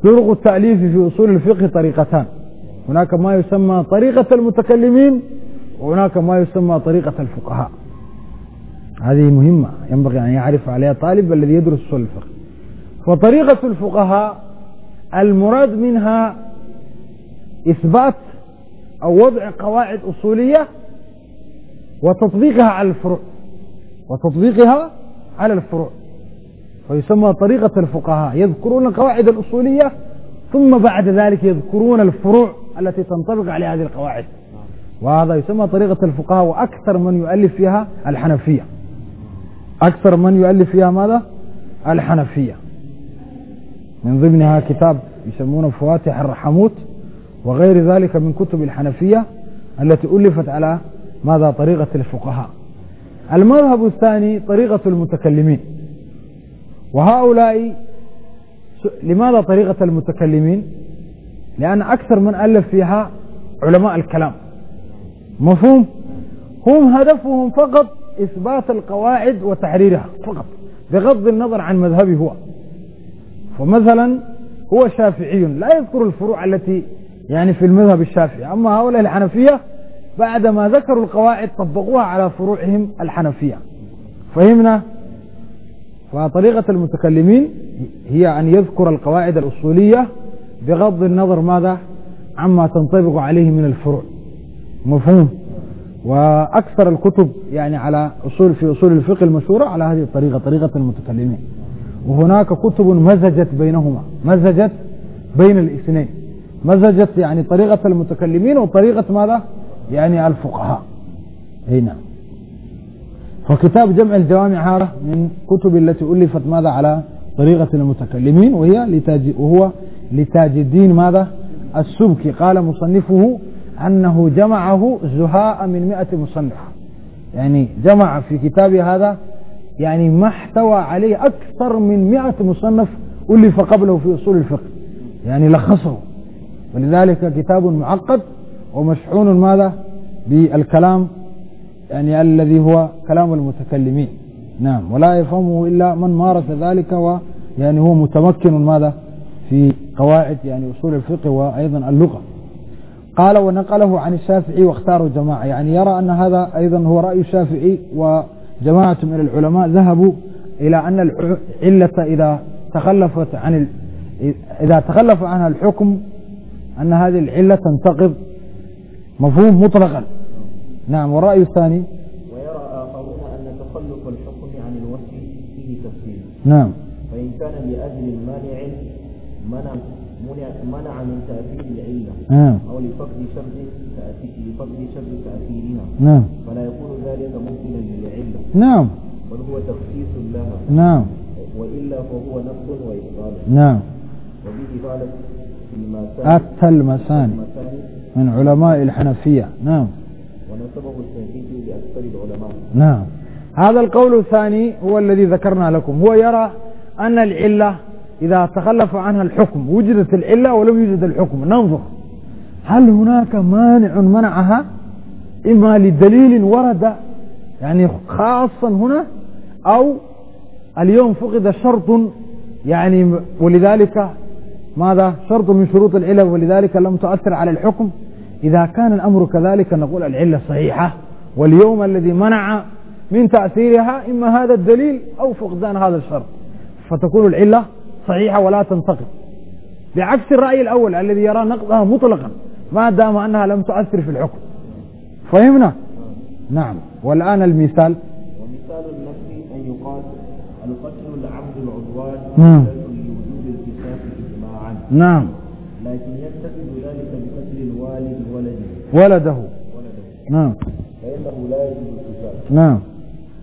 طرق التأليف في أصول الفقه طريقتان هناك ما يسمى طريقة المتكلمين وهناك ما يسمى طريقة الفقهاء هذه مهمة ينبغي أن يعرف عليها طالب الذي يدرس أصول الفقه فطريقة الفقهاء المراد منها إثبات أو وضع قواعد أصولية وتطبيقها على الفروع وتطبيقها على الفروع فيسمى طريقة الفقهاء يذكرون القواعد الأصولية ثم بعد ذلك يذكرون الفروع التي تنطبق على هذه القواعد وهذا يسمى طريقة الفقهاء وأكثر من يؤلف فيها الحنفية أكثر من يؤلف فيها ماذا؟ الحنفية من ضمنها كتاب يسمونه فواتح الرحموت وغير ذلك من كتب الحنفية التي ألفت على ماذا طريقة الفقهاء المذهب الثاني طريقة المتكلمين وهؤلاء لماذا طريقة المتكلمين لأن أكثر من ألف فيها علماء الكلام مفهوم هم هدفهم فقط إثبات القواعد وتحريرها فقط بغض النظر عن مذهبه هو فمثلا هو شافعي لا يذكر الفروع التي يعني في المذهب الشافعي أما هؤلاء الحنفية بعدما ذكروا القواعد طبقوها على فروعهم الحنفية فهمنا فطريقة المتكلمين هي أن يذكر القواعد الأصولية بغض النظر ماذا عما تنطبق عليه من الفروع مفهوم وأكثر الكتب يعني على أصول في أصول الفقه المشهورة على هذه الطريقة طريقة المتكلمين وهناك كتب مزجت بينهما مزجت بين الاثنين مزجت يعني طريقة المتكلمين وطريقة ماذا يعني الفقهاء اي نعم فكتاب جمع الجوامع هذا من كتب التي ألفت ماذا على طريقة المتكلمين وهي لتاج وهو لتاج الدين ماذا السبكي قال مصنفه أنه جمعه زهاء من مئة مصنف يعني جمع في كتابه هذا يعني ما احتوى عليه أكثر من مئة مصنف ألف قبله في أصول الفقه يعني لخصه ولذلك كتاب معقد ومشحون ماذا بالكلام يعني الذي هو كلام المتكلمين نعم ولا يفهمه إلا من مارس ذلك ويعني هو متمكن ماذا في قواعد يعني أصول الفقه وأيضا اللغة قال ونقله عن الشافعي واختاروا جماعة يعني يرى أن هذا أيضا هو رأي الشافعي وجماعة من العلماء ذهبوا إلى أن العلة إذا تخلفت عن ال... إذا تخلف عنها الحكم أن هذه العلة تنتقض مفهوم مطلقا نعم والرأي الثاني ويرى آخرون أن تخلف الحكم عن الوحي فيه تفصيل نعم فإن كان لأجل المانع منع منع, منع من تأثير العلة نعم أو لفقد شرط لفقد شرط تأثيرها نعم فلا يكون ذلك ممكنا للعلة نعم بل هو تخصيص لها نعم وإلا فهو نقص وإبطال نعم وبه قالت التلمساني من علماء الحنفية نعم ونسبه الشافعي لأكثر العلماء نعم هذا القول الثاني هو الذي ذكرنا لكم هو يرى أن العلة إذا تخلف عنها الحكم وجدت العلة ولم يوجد الحكم ننظر هل هناك مانع منعها إما لدليل ورد يعني خاصا هنا أو اليوم فقد شرط يعني ولذلك ماذا شرط من شروط العلة ولذلك لم تؤثر على الحكم إذا كان الأمر كذلك نقول العلة صحيحة واليوم الذي منع من تأثيرها إما هذا الدليل أو فقدان هذا الشرط فتكون العلة صحيحة ولا تنتقد بعكس الرأي الأول الذي يرى نقضها مطلقا ما دام أنها لم تؤثر في الحكم فهمنا؟ نعم والآن المثال ومثال النفي أن يقال القتل لعبد العدوان نعم لكن يتخذ ذلك بقتل الوالد ولده ولده ولده نعم فإنه لا يجوز القتال نعم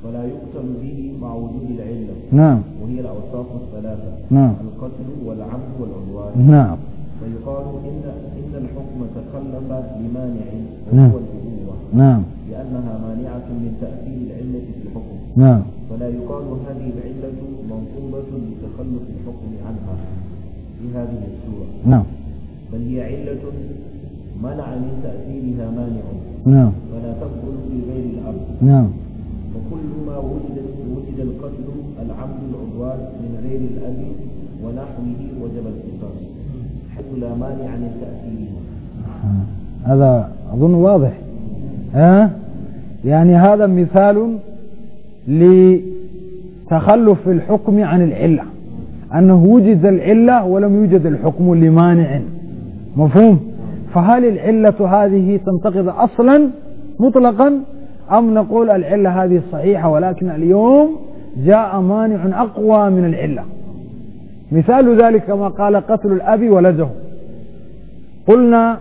ولا يقتل به مع وجود العلة نعم وهي الأوصاف الثلاثة نعم القتل والعبد والعدوان نعم فيقال إن إن الحكم تخلف نعم وهو نعم لأنها مانعة من تأثير العلة في الحكم نعم فلا يقال هذه العلة منصوبة لتخلف الحكم عنها في هذه بهذه نعم بل هي علة منع من تأثيرها مانع نعم فلا تبطل في غير الأرض نعم وكل ما وجد وجد القتل العمد العدوان من غير الأب ونحوه وجب القصاص حيث لا مانع من تأثيرها هذا أظن واضح ها يعني هذا مثال لتخلف الحكم عن العله أنه وجد العلة ولم يوجد الحكم لمانع مفهوم فهل العلة هذه تنتقض أصلا مطلقا أم نقول العلة هذه صحيحة ولكن اليوم جاء مانع أقوى من العلة مثال ذلك ما قال قتل الأب ولده قلنا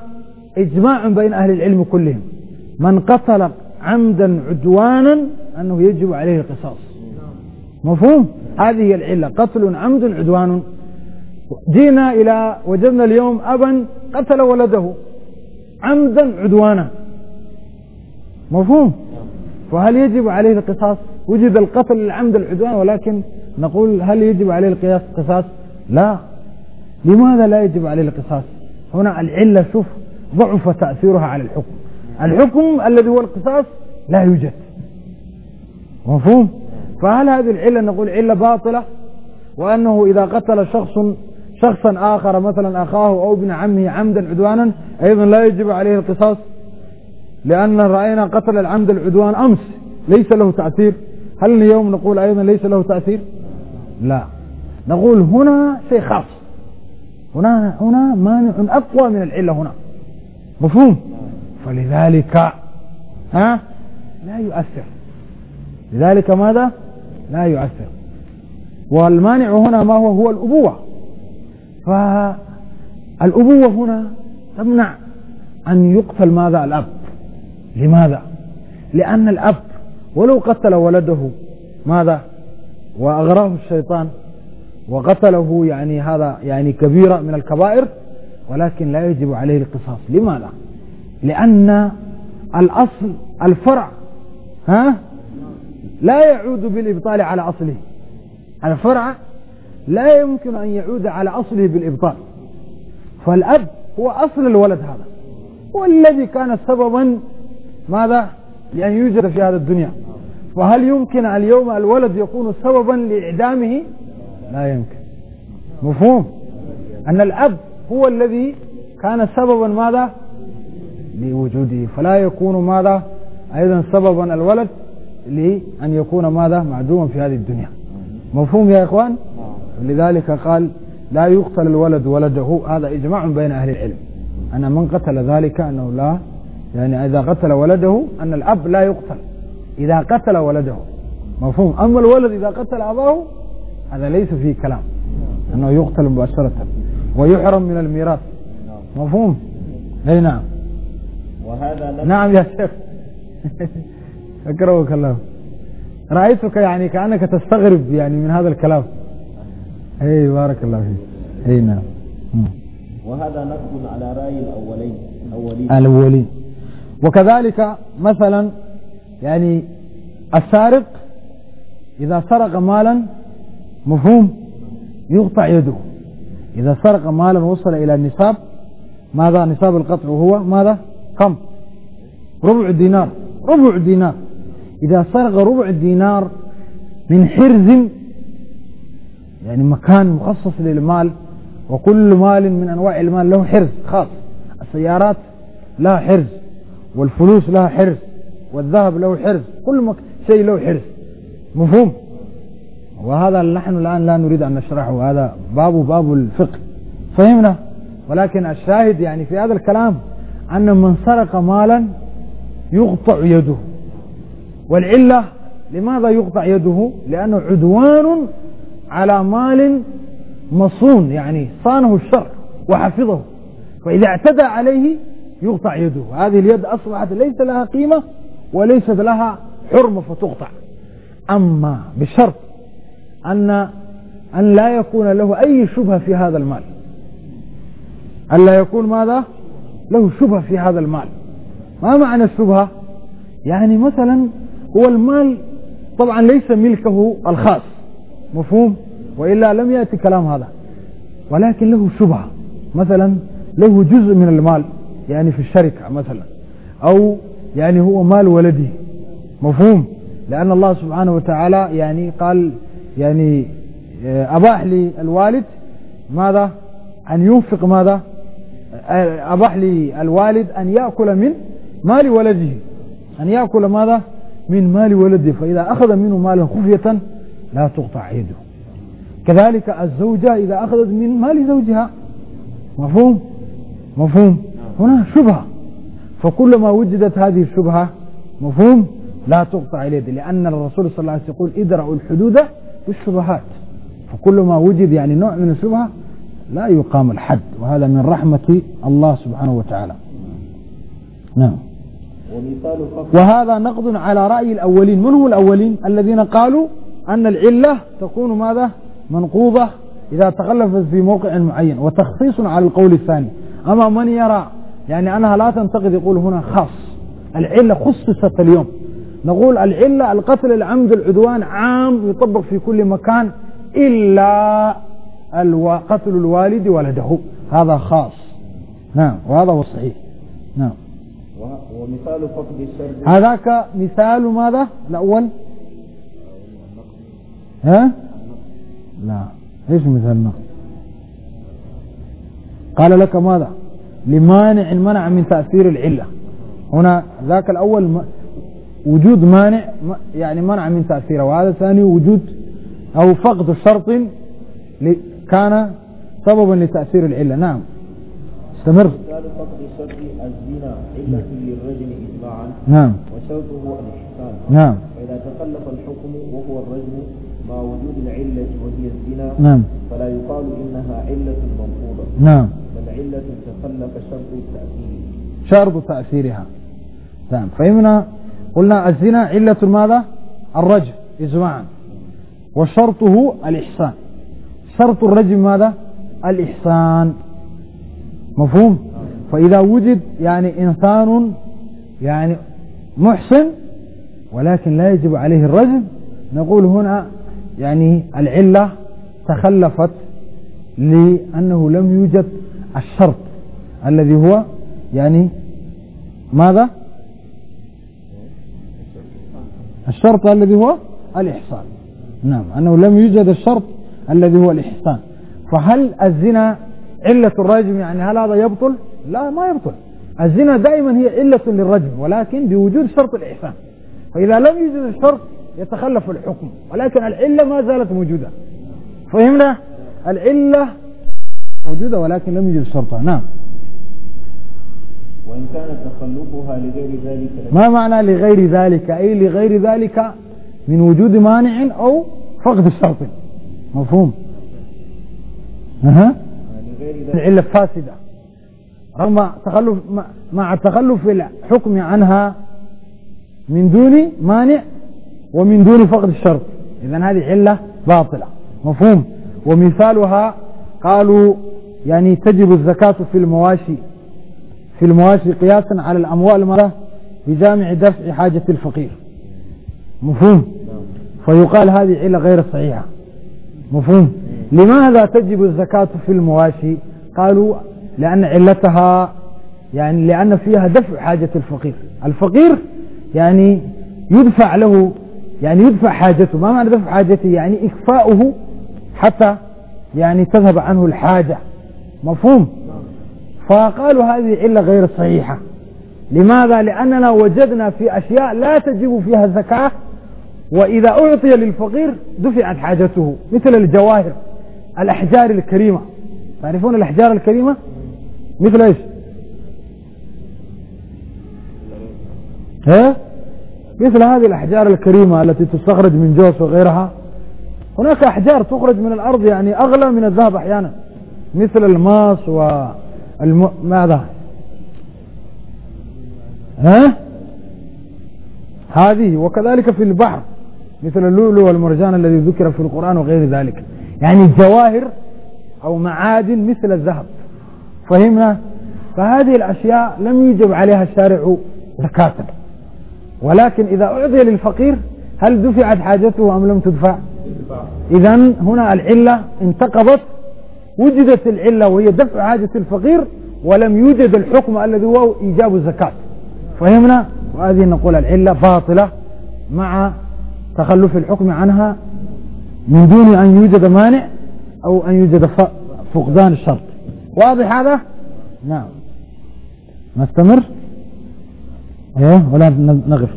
إجماع بين أهل العلم كلهم من قتل عمدا عدوانا أنه يجب عليه القصاص مفهوم هذه هي العلة قتل عمد عدوان جينا إلى وجدنا اليوم أبا قتل ولده عمدا عدوانا مفهوم فهل يجب عليه القصاص وجد القتل العمد العدوان ولكن نقول هل يجب عليه القياس لا لماذا لا يجب عليه القصاص هنا العلة شوف ضعف تأثيرها على الحكم الحكم الذي هو القصاص لا يوجد مفهوم فهل هذه العلة نقول علة باطلة وأنه إذا قتل شخص شخصا آخر مثلا أخاه أو ابن عمه عمدا عدوانا أيضا لا يجب عليه القصاص لأن رأينا قتل العمد العدوان أمس ليس له تأثير هل اليوم نقول أيضا ليس له تأثير لا نقول هنا شيء خاص هنا هنا مانع أقوى من العلة هنا مفهوم فلذلك ها لا يؤثر لذلك ماذا لا يؤثر والمانع هنا ما هو هو الأبوة فالأبوة هنا تمنع أن يقتل ماذا الأب لماذا لأن الأب ولو قتل ولده ماذا وأغراه الشيطان وقتله يعني هذا يعني كبيرة من الكبائر ولكن لا يجب عليه القصاص لماذا لأن الأصل الفرع ها لا يعود بالإبطال على أصله الفرع لا يمكن أن يعود على أصله بالإبطال فالأب هو أصل الولد هذا هو الذي كان سببا ماذا لأن يوجد في هذا الدنيا وهل يمكن اليوم الولد يكون سببا لإعدامه لا يمكن مفهوم أن الأب هو الذي كان سببا ماذا لوجوده فلا يكون ماذا أيضا سببا الولد لأن يكون ماذا معدوما في هذه الدنيا مفهوم يا إخوان لذلك قال لا يقتل الولد ولده هذا إجماع بين أهل العلم أن من قتل ذلك أنه لا يعني إذا قتل ولده أن الأب لا يقتل إذا قتل ولده مفهوم أما الولد إذا قتل أباه هذا ليس فيه كلام أنه يقتل مباشرة ويحرم من الميراث مفهوم أي نعم وهذا نعم يا شيخ أكرمك الله رأيتك يعني كأنك تستغرب يعني من هذا الكلام أي بارك الله فيك أي نعم وهذا نقد على رأي الأولين الأولين الأولين وكذلك مثلا يعني السارق إذا سرق مالا مفهوم يقطع يده إذا سرق مالا وصل إلى النصاب ماذا نصاب القطع هو ماذا كم ربع دينار ربع دينار إذا سرق ربع دينار من حرز يعني مكان مخصص للمال وكل مال من أنواع المال له حرز خاص السيارات لها حرز والفلوس لها حرز والذهب له حرز كل شيء له حرز مفهوم وهذا نحن الآن لا نريد أن نشرحه هذا باب باب الفقه فهمنا ولكن الشاهد يعني في هذا الكلام أن من سرق مالا يقطع يده والعلة لماذا يقطع يده لأنه عدوان على مال مصون يعني صانه الشر وحفظه فإذا اعتدى عليه يقطع يده هذه اليد أصبحت ليس لها قيمة وليست لها حرمة فتقطع أما بشرط أن أن لا يكون له أي شبهة في هذا المال أن لا يكون ماذا له شبهة في هذا المال ما معنى الشبهة يعني مثلا هو المال طبعا ليس ملكه الخاص مفهوم وإلا لم يأتي كلام هذا ولكن له شبهة مثلا له جزء من المال يعني في الشركة مثلا أو يعني هو مال ولده مفهوم لأن الله سبحانه وتعالى يعني قال يعني آه، أباح للوالد ماذا أن ينفق ماذا آه، أباح للوالد أن يأكل من مال ولده أن يأكل ماذا من مال ولده فإذا أخذ منه مالا خفية لا تقطع يده كذلك الزوجة إذا أخذت من مال زوجها مفهوم مفهوم هنا شبهة فكلما وجدت هذه الشبهة مفهوم لا تقطع اليد لأن الرسول صلى الله عليه وسلم يقول ادرعوا الحدود بالشبهات فكلما وجد يعني نوع من الشبهة لا يقام الحد وهذا من رحمة الله سبحانه وتعالى نعم وهذا نقد على رأي الأولين من هم الأولين الذين قالوا أن العلة تكون ماذا منقوضة إذا تخلفت في موقع معين وتخصيص على القول الثاني أما من يرى يعني أنها لا تنتقد يقول هنا خاص العلة خصصت اليوم نقول العلة القتل العمد العدوان عام يطبق في كل مكان إلا قتل الوالد ولده هذا خاص نعم وهذا هو الصحيح نعم ومثال فقد الشرب هذاك مثال ماذا الأول ها لا ايش مثال النقص قال لك ماذا لمانع منع من تأثير العلة هنا ذاك الأول وجود مانع يعني منع من تأثيره وهذا الثاني وجود أو فقد شرط كان سببا لتأثير العلة نعم استمر وحال فقد شرط الزنا علة نعم. للرجم إجماعا نعم وشرطه الإحسان نعم فإذا تخلف الحكم وهو الرجم مع وجود العلة وهي الزنا نعم فلا يقال إنها علة منقوضة نعم بل علة تخلف شرط تأثيرها شرط تأثيرها نعم فهمنا قلنا الزنا علة ماذا الرجم إجماعا وشرطه الإحسان شرط الرجم ماذا الإحسان مفهوم فإذا وجد يعني إنسان يعني محسن ولكن لا يجب عليه الرجم نقول هنا يعني العلة تخلفت لأنه لم يوجد الشرط الذي هو يعني ماذا الشرط الذي هو الإحصان نعم أنه لم يوجد الشرط الذي هو الإحسان فهل الزنا علة الرجم يعني هل هذا يبطل لا ما يبطل الزنا دائما هي علة للرجم ولكن بوجود شرط الإحسان فإذا لم يوجد الشرط يتخلف الحكم ولكن العلة ما زالت موجودة فهمنا العلة موجودة ولكن لم يوجد شرطها نعم وإن كان تخلفها لغير ذلك ما معنى لغير ذلك أي لغير ذلك من وجود مانع أو فقد الشرط مفهوم أها العلة فاسدة رغم تخلف مع التخلف في الحكم عنها من دون مانع ومن دون فقد الشرط إذا هذه علة باطلة مفهوم ومثالها قالوا يعني تجب الزكاة في المواشي في المواشي قياسا على الأموال المرة بجامع دفع حاجة الفقير مفهوم فيقال هذه علة غير صحيحة مفهوم لماذا تجب الزكاة في المواشي قالوا لأن علتها يعني لأن فيها دفع حاجة الفقير الفقير يعني يدفع له يعني يدفع حاجته ما معنى دفع حاجته يعني إخفاؤه حتى يعني تذهب عنه الحاجة مفهوم فقالوا هذه علة غير صحيحة لماذا لأننا وجدنا في أشياء لا تجب فيها الزكاة وإذا أعطي للفقير دفعت حاجته مثل الجواهر الأحجار الكريمة تعرفون الأحجار الكريمة مثل ايش ها مثل هذه الأحجار الكريمة التي تستخرج من جوس وغيرها هناك أحجار تخرج من الأرض يعني أغلى من الذهب أحيانا مثل الماس والم... ماذا ها هذه وكذلك في البحر مثل اللؤلؤ والمرجان الذي ذكر في القرآن وغير ذلك يعني جواهر أو معادن مثل الذهب فهمنا فهذه الأشياء لم يجب عليها الشارع زكاة ولكن إذا أعطي للفقير هل دفعت حاجته أم لم تدفع إذا هنا العلة انتقضت وجدت العلة وهي دفع حاجة الفقير ولم يوجد الحكم الذي هو إيجاب الزكاة فهمنا وهذه نقول العلة باطلة مع تخلف الحكم عنها من دون أن يوجد مانع أو أن يوجد فقدان الشرط واضح هذا نعم نستمر ايه ولا نغف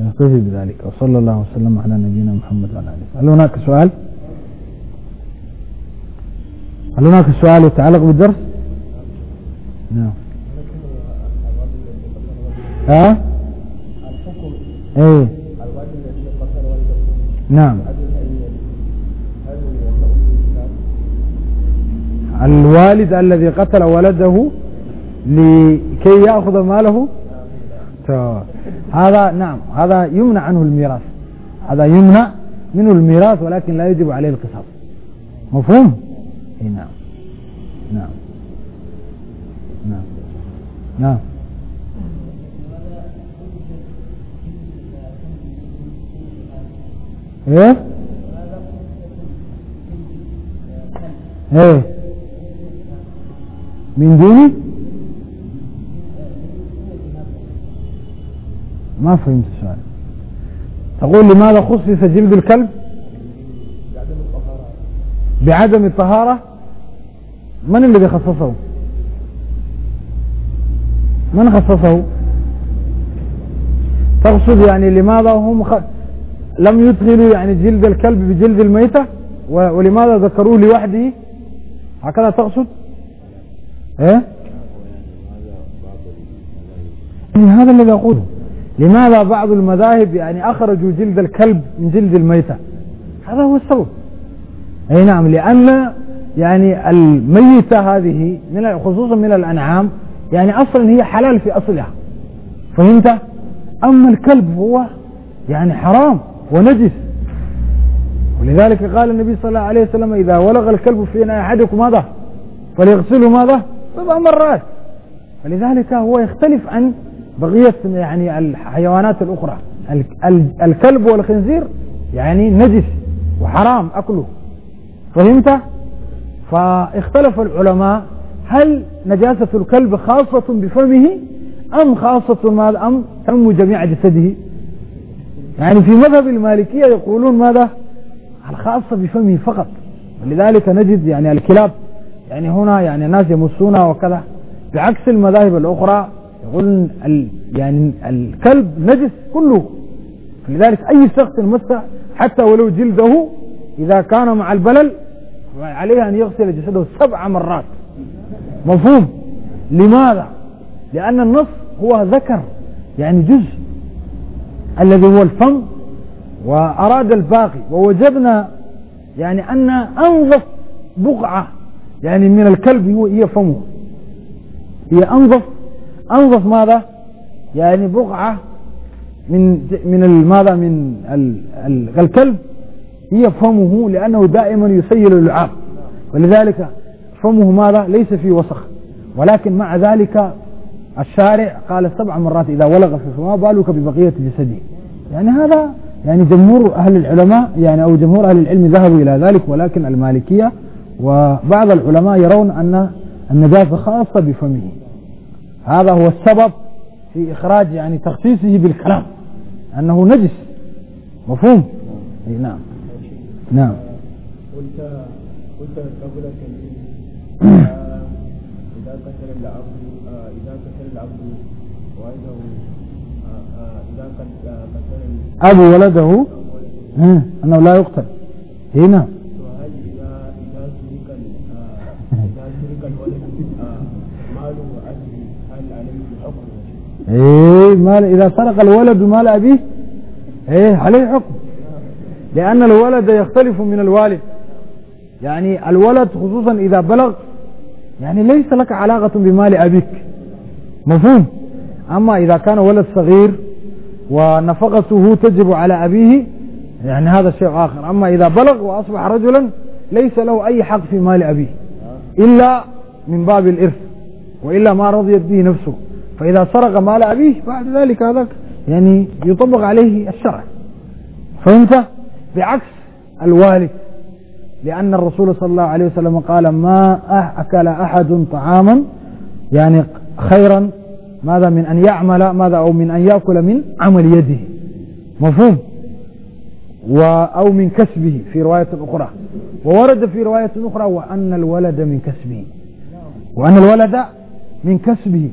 نكتفي بذلك وصلى الله وسلم على نبينا محمد وعلى اله هل هناك سؤال هل هناك سؤال يتعلق بالدرس نعم ها الحكم ايه نعم الوالد الذي قتل ولده لكي يأخذ ماله هذا نعم هذا يمنع عنه الميراث هذا يمنع منه الميراث ولكن لا يجب عليه القصاص مفهوم؟ اي نعم نعم نعم نعم ايه ايه من دوني ما فهمت السؤال تقول لماذا خصص جلد الكلب بعدم الطهارة بعدم الطهارة من الذي خصصه من خصصه تقصد يعني لماذا هم خ... لم يدخلوا يعني جلد الكلب بجلد الميتة و... ولماذا ذكروه لوحده هكذا تقصد إيه؟, إيه؟ هذا الذي أقوله لماذا بعض المذاهب يعني أخرجوا جلد الكلب من جلد الميتة هذا هو السبب أي نعم لأن يعني الميتة هذه من خصوصا من الأنعام يعني أصلا هي حلال في أصلها فهمت أما الكلب هو يعني حرام ونجس ولذلك قال النبي صلى الله عليه وسلم إذا ولغ الكلب فينا أحدكم ماذا فليغسله ماذا سبع مرات فلذلك هو يختلف عن بقية يعني الحيوانات الأخرى الكلب والخنزير يعني نجس وحرام أكله فهمت؟ فاختلف العلماء هل نجاسة الكلب خاصة بفمه أم خاصة ماذا أم تم جميع جسده يعني في مذهب المالكية يقولون ماذا الخاصة بفمه فقط ولذلك نجد يعني الكلاب يعني هنا يعني ناس يمسونها وكذا بعكس المذاهب الأخرى يقول ال يعني الكلب نجس كله لذلك أي شخص يمسه حتى ولو جلده إذا كان مع البلل عليه أن يغسل جسده سبع مرات مفهوم لماذا لأن النص هو ذكر يعني جزء الذي هو الفم وأراد الباقي ووجدنا يعني أن أنظف بقعة يعني من الكلب هو هي إيه فمه هي أنظف أنظف ماذا يعني بقعة من من ماذا من الكلب هي فمه لأنه دائما يسيل اللعاب ولذلك فمه ماذا ليس في وسخ ولكن مع ذلك الشارع قال سبع مرات إذا ولغ في فما بالك ببقية جسده يعني هذا يعني جمهور أهل العلماء يعني أو جمهور أهل العلم ذهبوا إلى ذلك ولكن المالكية وبعض العلماء يرون أن النجاسة خاصة بفمه هذا هو السبب في إخراج يعني تخصيصه بالكلام أنه نجس مفهوم أي نعم نعم قلت قلت قبل إذا قتل العبد إذا قتل العبد والده إذا قتل أبو ولده أنه لا يقتل هنا ايه مال اذا سرق الولد مال ابيه ايه عليه حكم لان الولد يختلف من الوالد يعني الولد خصوصا اذا بلغ يعني ليس لك علاقة بمال ابيك مفهوم اما اذا كان ولد صغير ونفقته تجب على ابيه يعني هذا شيء اخر اما اذا بلغ واصبح رجلا ليس له اي حق في مال ابيه الا من باب الارث والا ما رضيت به نفسه فإذا سرق مال أبيه بعد ذلك هذا يعني يطبق عليه الشرع فهمت بعكس الوالد لأن الرسول صلى الله عليه وسلم قال ما أكل أحد طعاما يعني خيرا ماذا من أن يعمل ماذا أو من أن يأكل من عمل يده مفهوم أو من كسبه في رواية أخرى وورد في رواية أخرى وأن الولد من كسبه وأن الولد من كسبه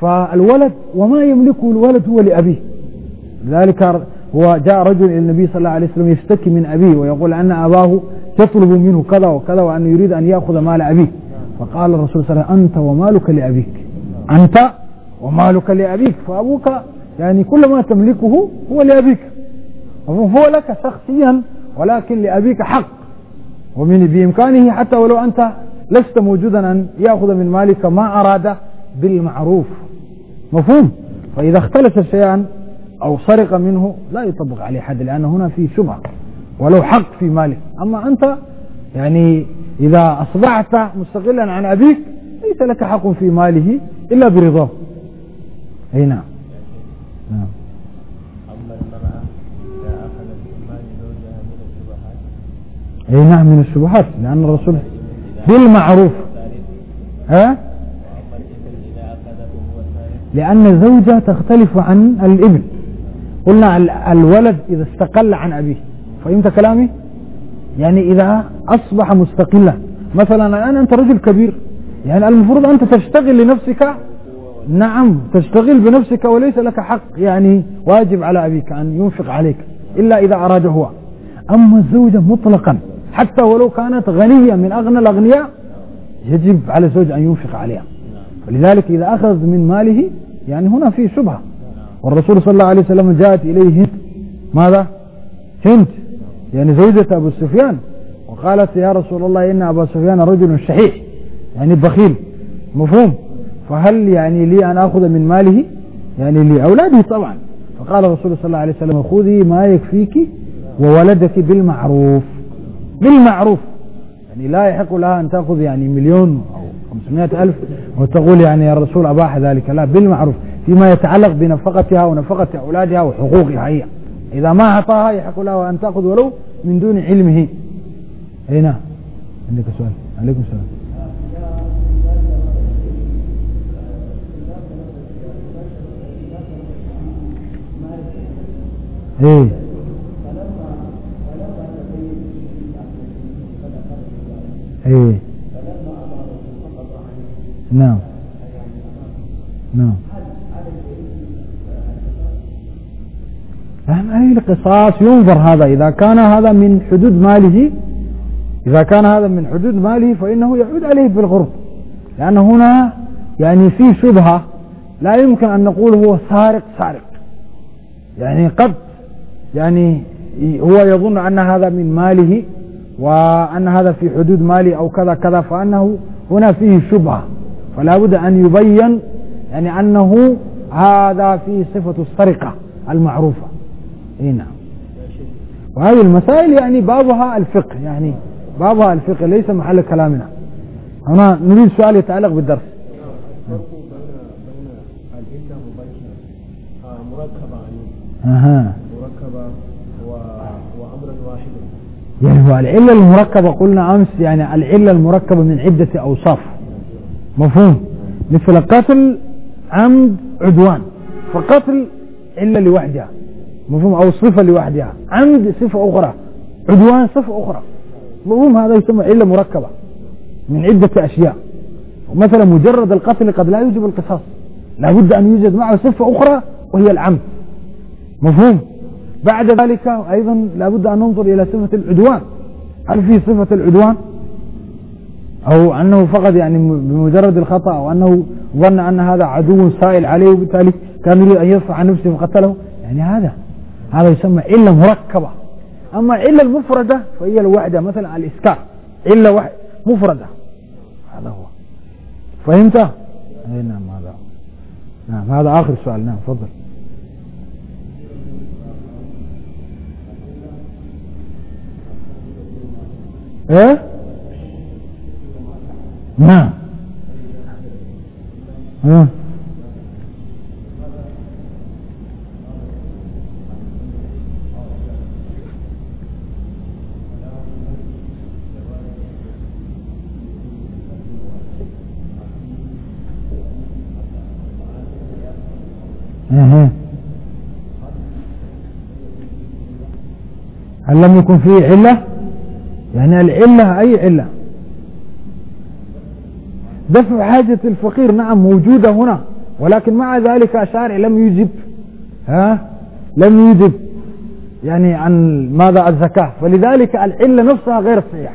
فالولد وما يملكه الولد هو لأبيه لذلك هو جاء رجل إلى النبي صلى الله عليه وسلم يشتكي من أبيه ويقول أن أباه يطلب منه كذا وكذا وأنه يريد أن يأخذ مال أبيه فقال الرسول صلى الله عليه وسلم أنت ومالك لأبيك أنت ومالك لأبيك فأبوك يعني كل ما تملكه هو لأبيك هو لك شخصيا ولكن لأبيك حق ومن بإمكانه حتى ولو أنت لست موجودا أن يأخذ من مالك ما أراد بالمعروف مفهوم فإذا اختلس شيئا أو سرق منه لا يطبق عليه حد لأن هنا في شبهة ولو حق في ماله أما أنت يعني إذا أصبحت مستقلا عن أبيك ليس لك حق في ماله إلا برضاه أي نعم, نعم. اي نعم من الشبهات لان الرسول بالمعروف ها لأن الزوجة تختلف عن الابن قلنا الولد إذا استقل عن أبيه فهمت كلامي؟ يعني إذا أصبح مستقلا مثلا الآن أنت رجل كبير يعني المفروض أنت تشتغل لنفسك نعم تشتغل بنفسك وليس لك حق يعني واجب على أبيك أن ينفق عليك إلا إذا أراد هو أما الزوجة مطلقا حتى ولو كانت غنية من أغنى الأغنياء يجب على الزوج أن ينفق عليها ولذلك إذا أخذ من ماله يعني هنا في شبهة والرسول صلى الله عليه وسلم جاءت إليه هند ماذا هند يعني زوجة أبو سفيان وقالت يا رسول الله إن أبا سفيان رجل شحيح يعني بخيل مفهوم فهل يعني لي أن أخذ من ماله يعني لأولاده طبعا فقال الرسول صلى الله عليه وسلم خذي ما يكفيك وولدك بالمعروف بالمعروف يعني لا يحق لها أن تأخذ يعني مليون 500 ألف وتقول يعني يا رسول أباح ذلك لا بالمعروف فيما يتعلق بنفقتها ونفقة أولادها وحقوقها هي إذا ما أعطاها يحق لها أن تأخذ ولو من دون علمه أي نعم عندك سؤال عليكم السلام ايه ايه نعم نعم أهم أي القصاص ينظر هذا إذا كان هذا من حدود ماله إذا كان هذا من حدود ماله فإنه يعود عليه بالغرب لأن هنا يعني في شبهة لا يمكن أن نقول هو سارق سارق يعني قد يعني هو يظن أن هذا من ماله وأن هذا في حدود مالي أو كذا كذا فأنه هنا فيه شبهة فلا بد أن يبين يعني أنه هذا في صفة السرقة المعروفة اي نعم وهذه المسائل يعني بابها الفقه يعني بابها الفقه ليس محل كلامنا هنا نريد سؤال يتعلق بالدرس مركبة أها مركبة وأمرا واحدا يعني العلة المركبة قلنا أمس يعني العلة المركبة من عدة أوصاف مفهوم مثل قتل عمد عدوان فقتل إلا لوحدها مفهوم أو صفة لوحدها عمد صفة أخرى عدوان صفة أخرى مفهوم هذا يسمى علة مركبة من عدة أشياء مثلا مجرد القتل قد لا يوجب القصاص لابد أن يوجد معه صفة أخرى وهي العمد مفهوم بعد ذلك أيضا لابد أن ننظر إلى صفة العدوان هل في صفة العدوان أو أنه فقط يعني بمجرد الخطأ أو أنه ظن أن هذا عدو سائل عليه وبالتالي كان يريد أن يصفح عن نفسه فقتله يعني هذا هذا يسمى علة مركبة أما علة المفردة فهي الوحدة مثلا على الإسكار علة واحدة مفردة هذا هو فهمت؟ أي نعم هذا نعم هذا آخر سؤال نعم تفضل إيه؟ نعم ها هل لم يكن فيه علة يعني العلة أي علة دفع حاجة الفقير نعم موجودة هنا ولكن مع ذلك الشارع لم يجب ها لم يجب يعني عن ماذا الزكاة فلذلك العلة نفسها غير صحيحة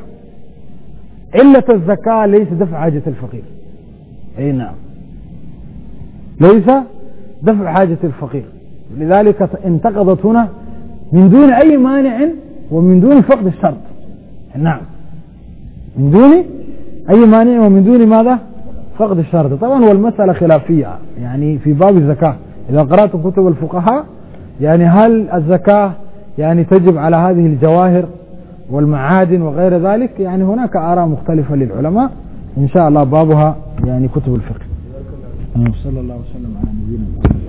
علة الزكاة ليس دفع حاجة الفقير أي نعم ليس دفع حاجة الفقير لذلك انتقضت هنا من دون أي مانع ومن دون فقد الشرط نعم من دون أي مانع ومن دون ماذا فقد الشرط طبعا والمسألة خلافية يعني في باب الزكاة إذا قرأت كتب الفقهاء يعني هل الزكاة يعني تجب على هذه الجواهر والمعادن وغير ذلك يعني هناك آراء مختلفة للعلماء إن شاء الله بابها يعني كتب الفقه صلى الله وسلم على نبينا محمد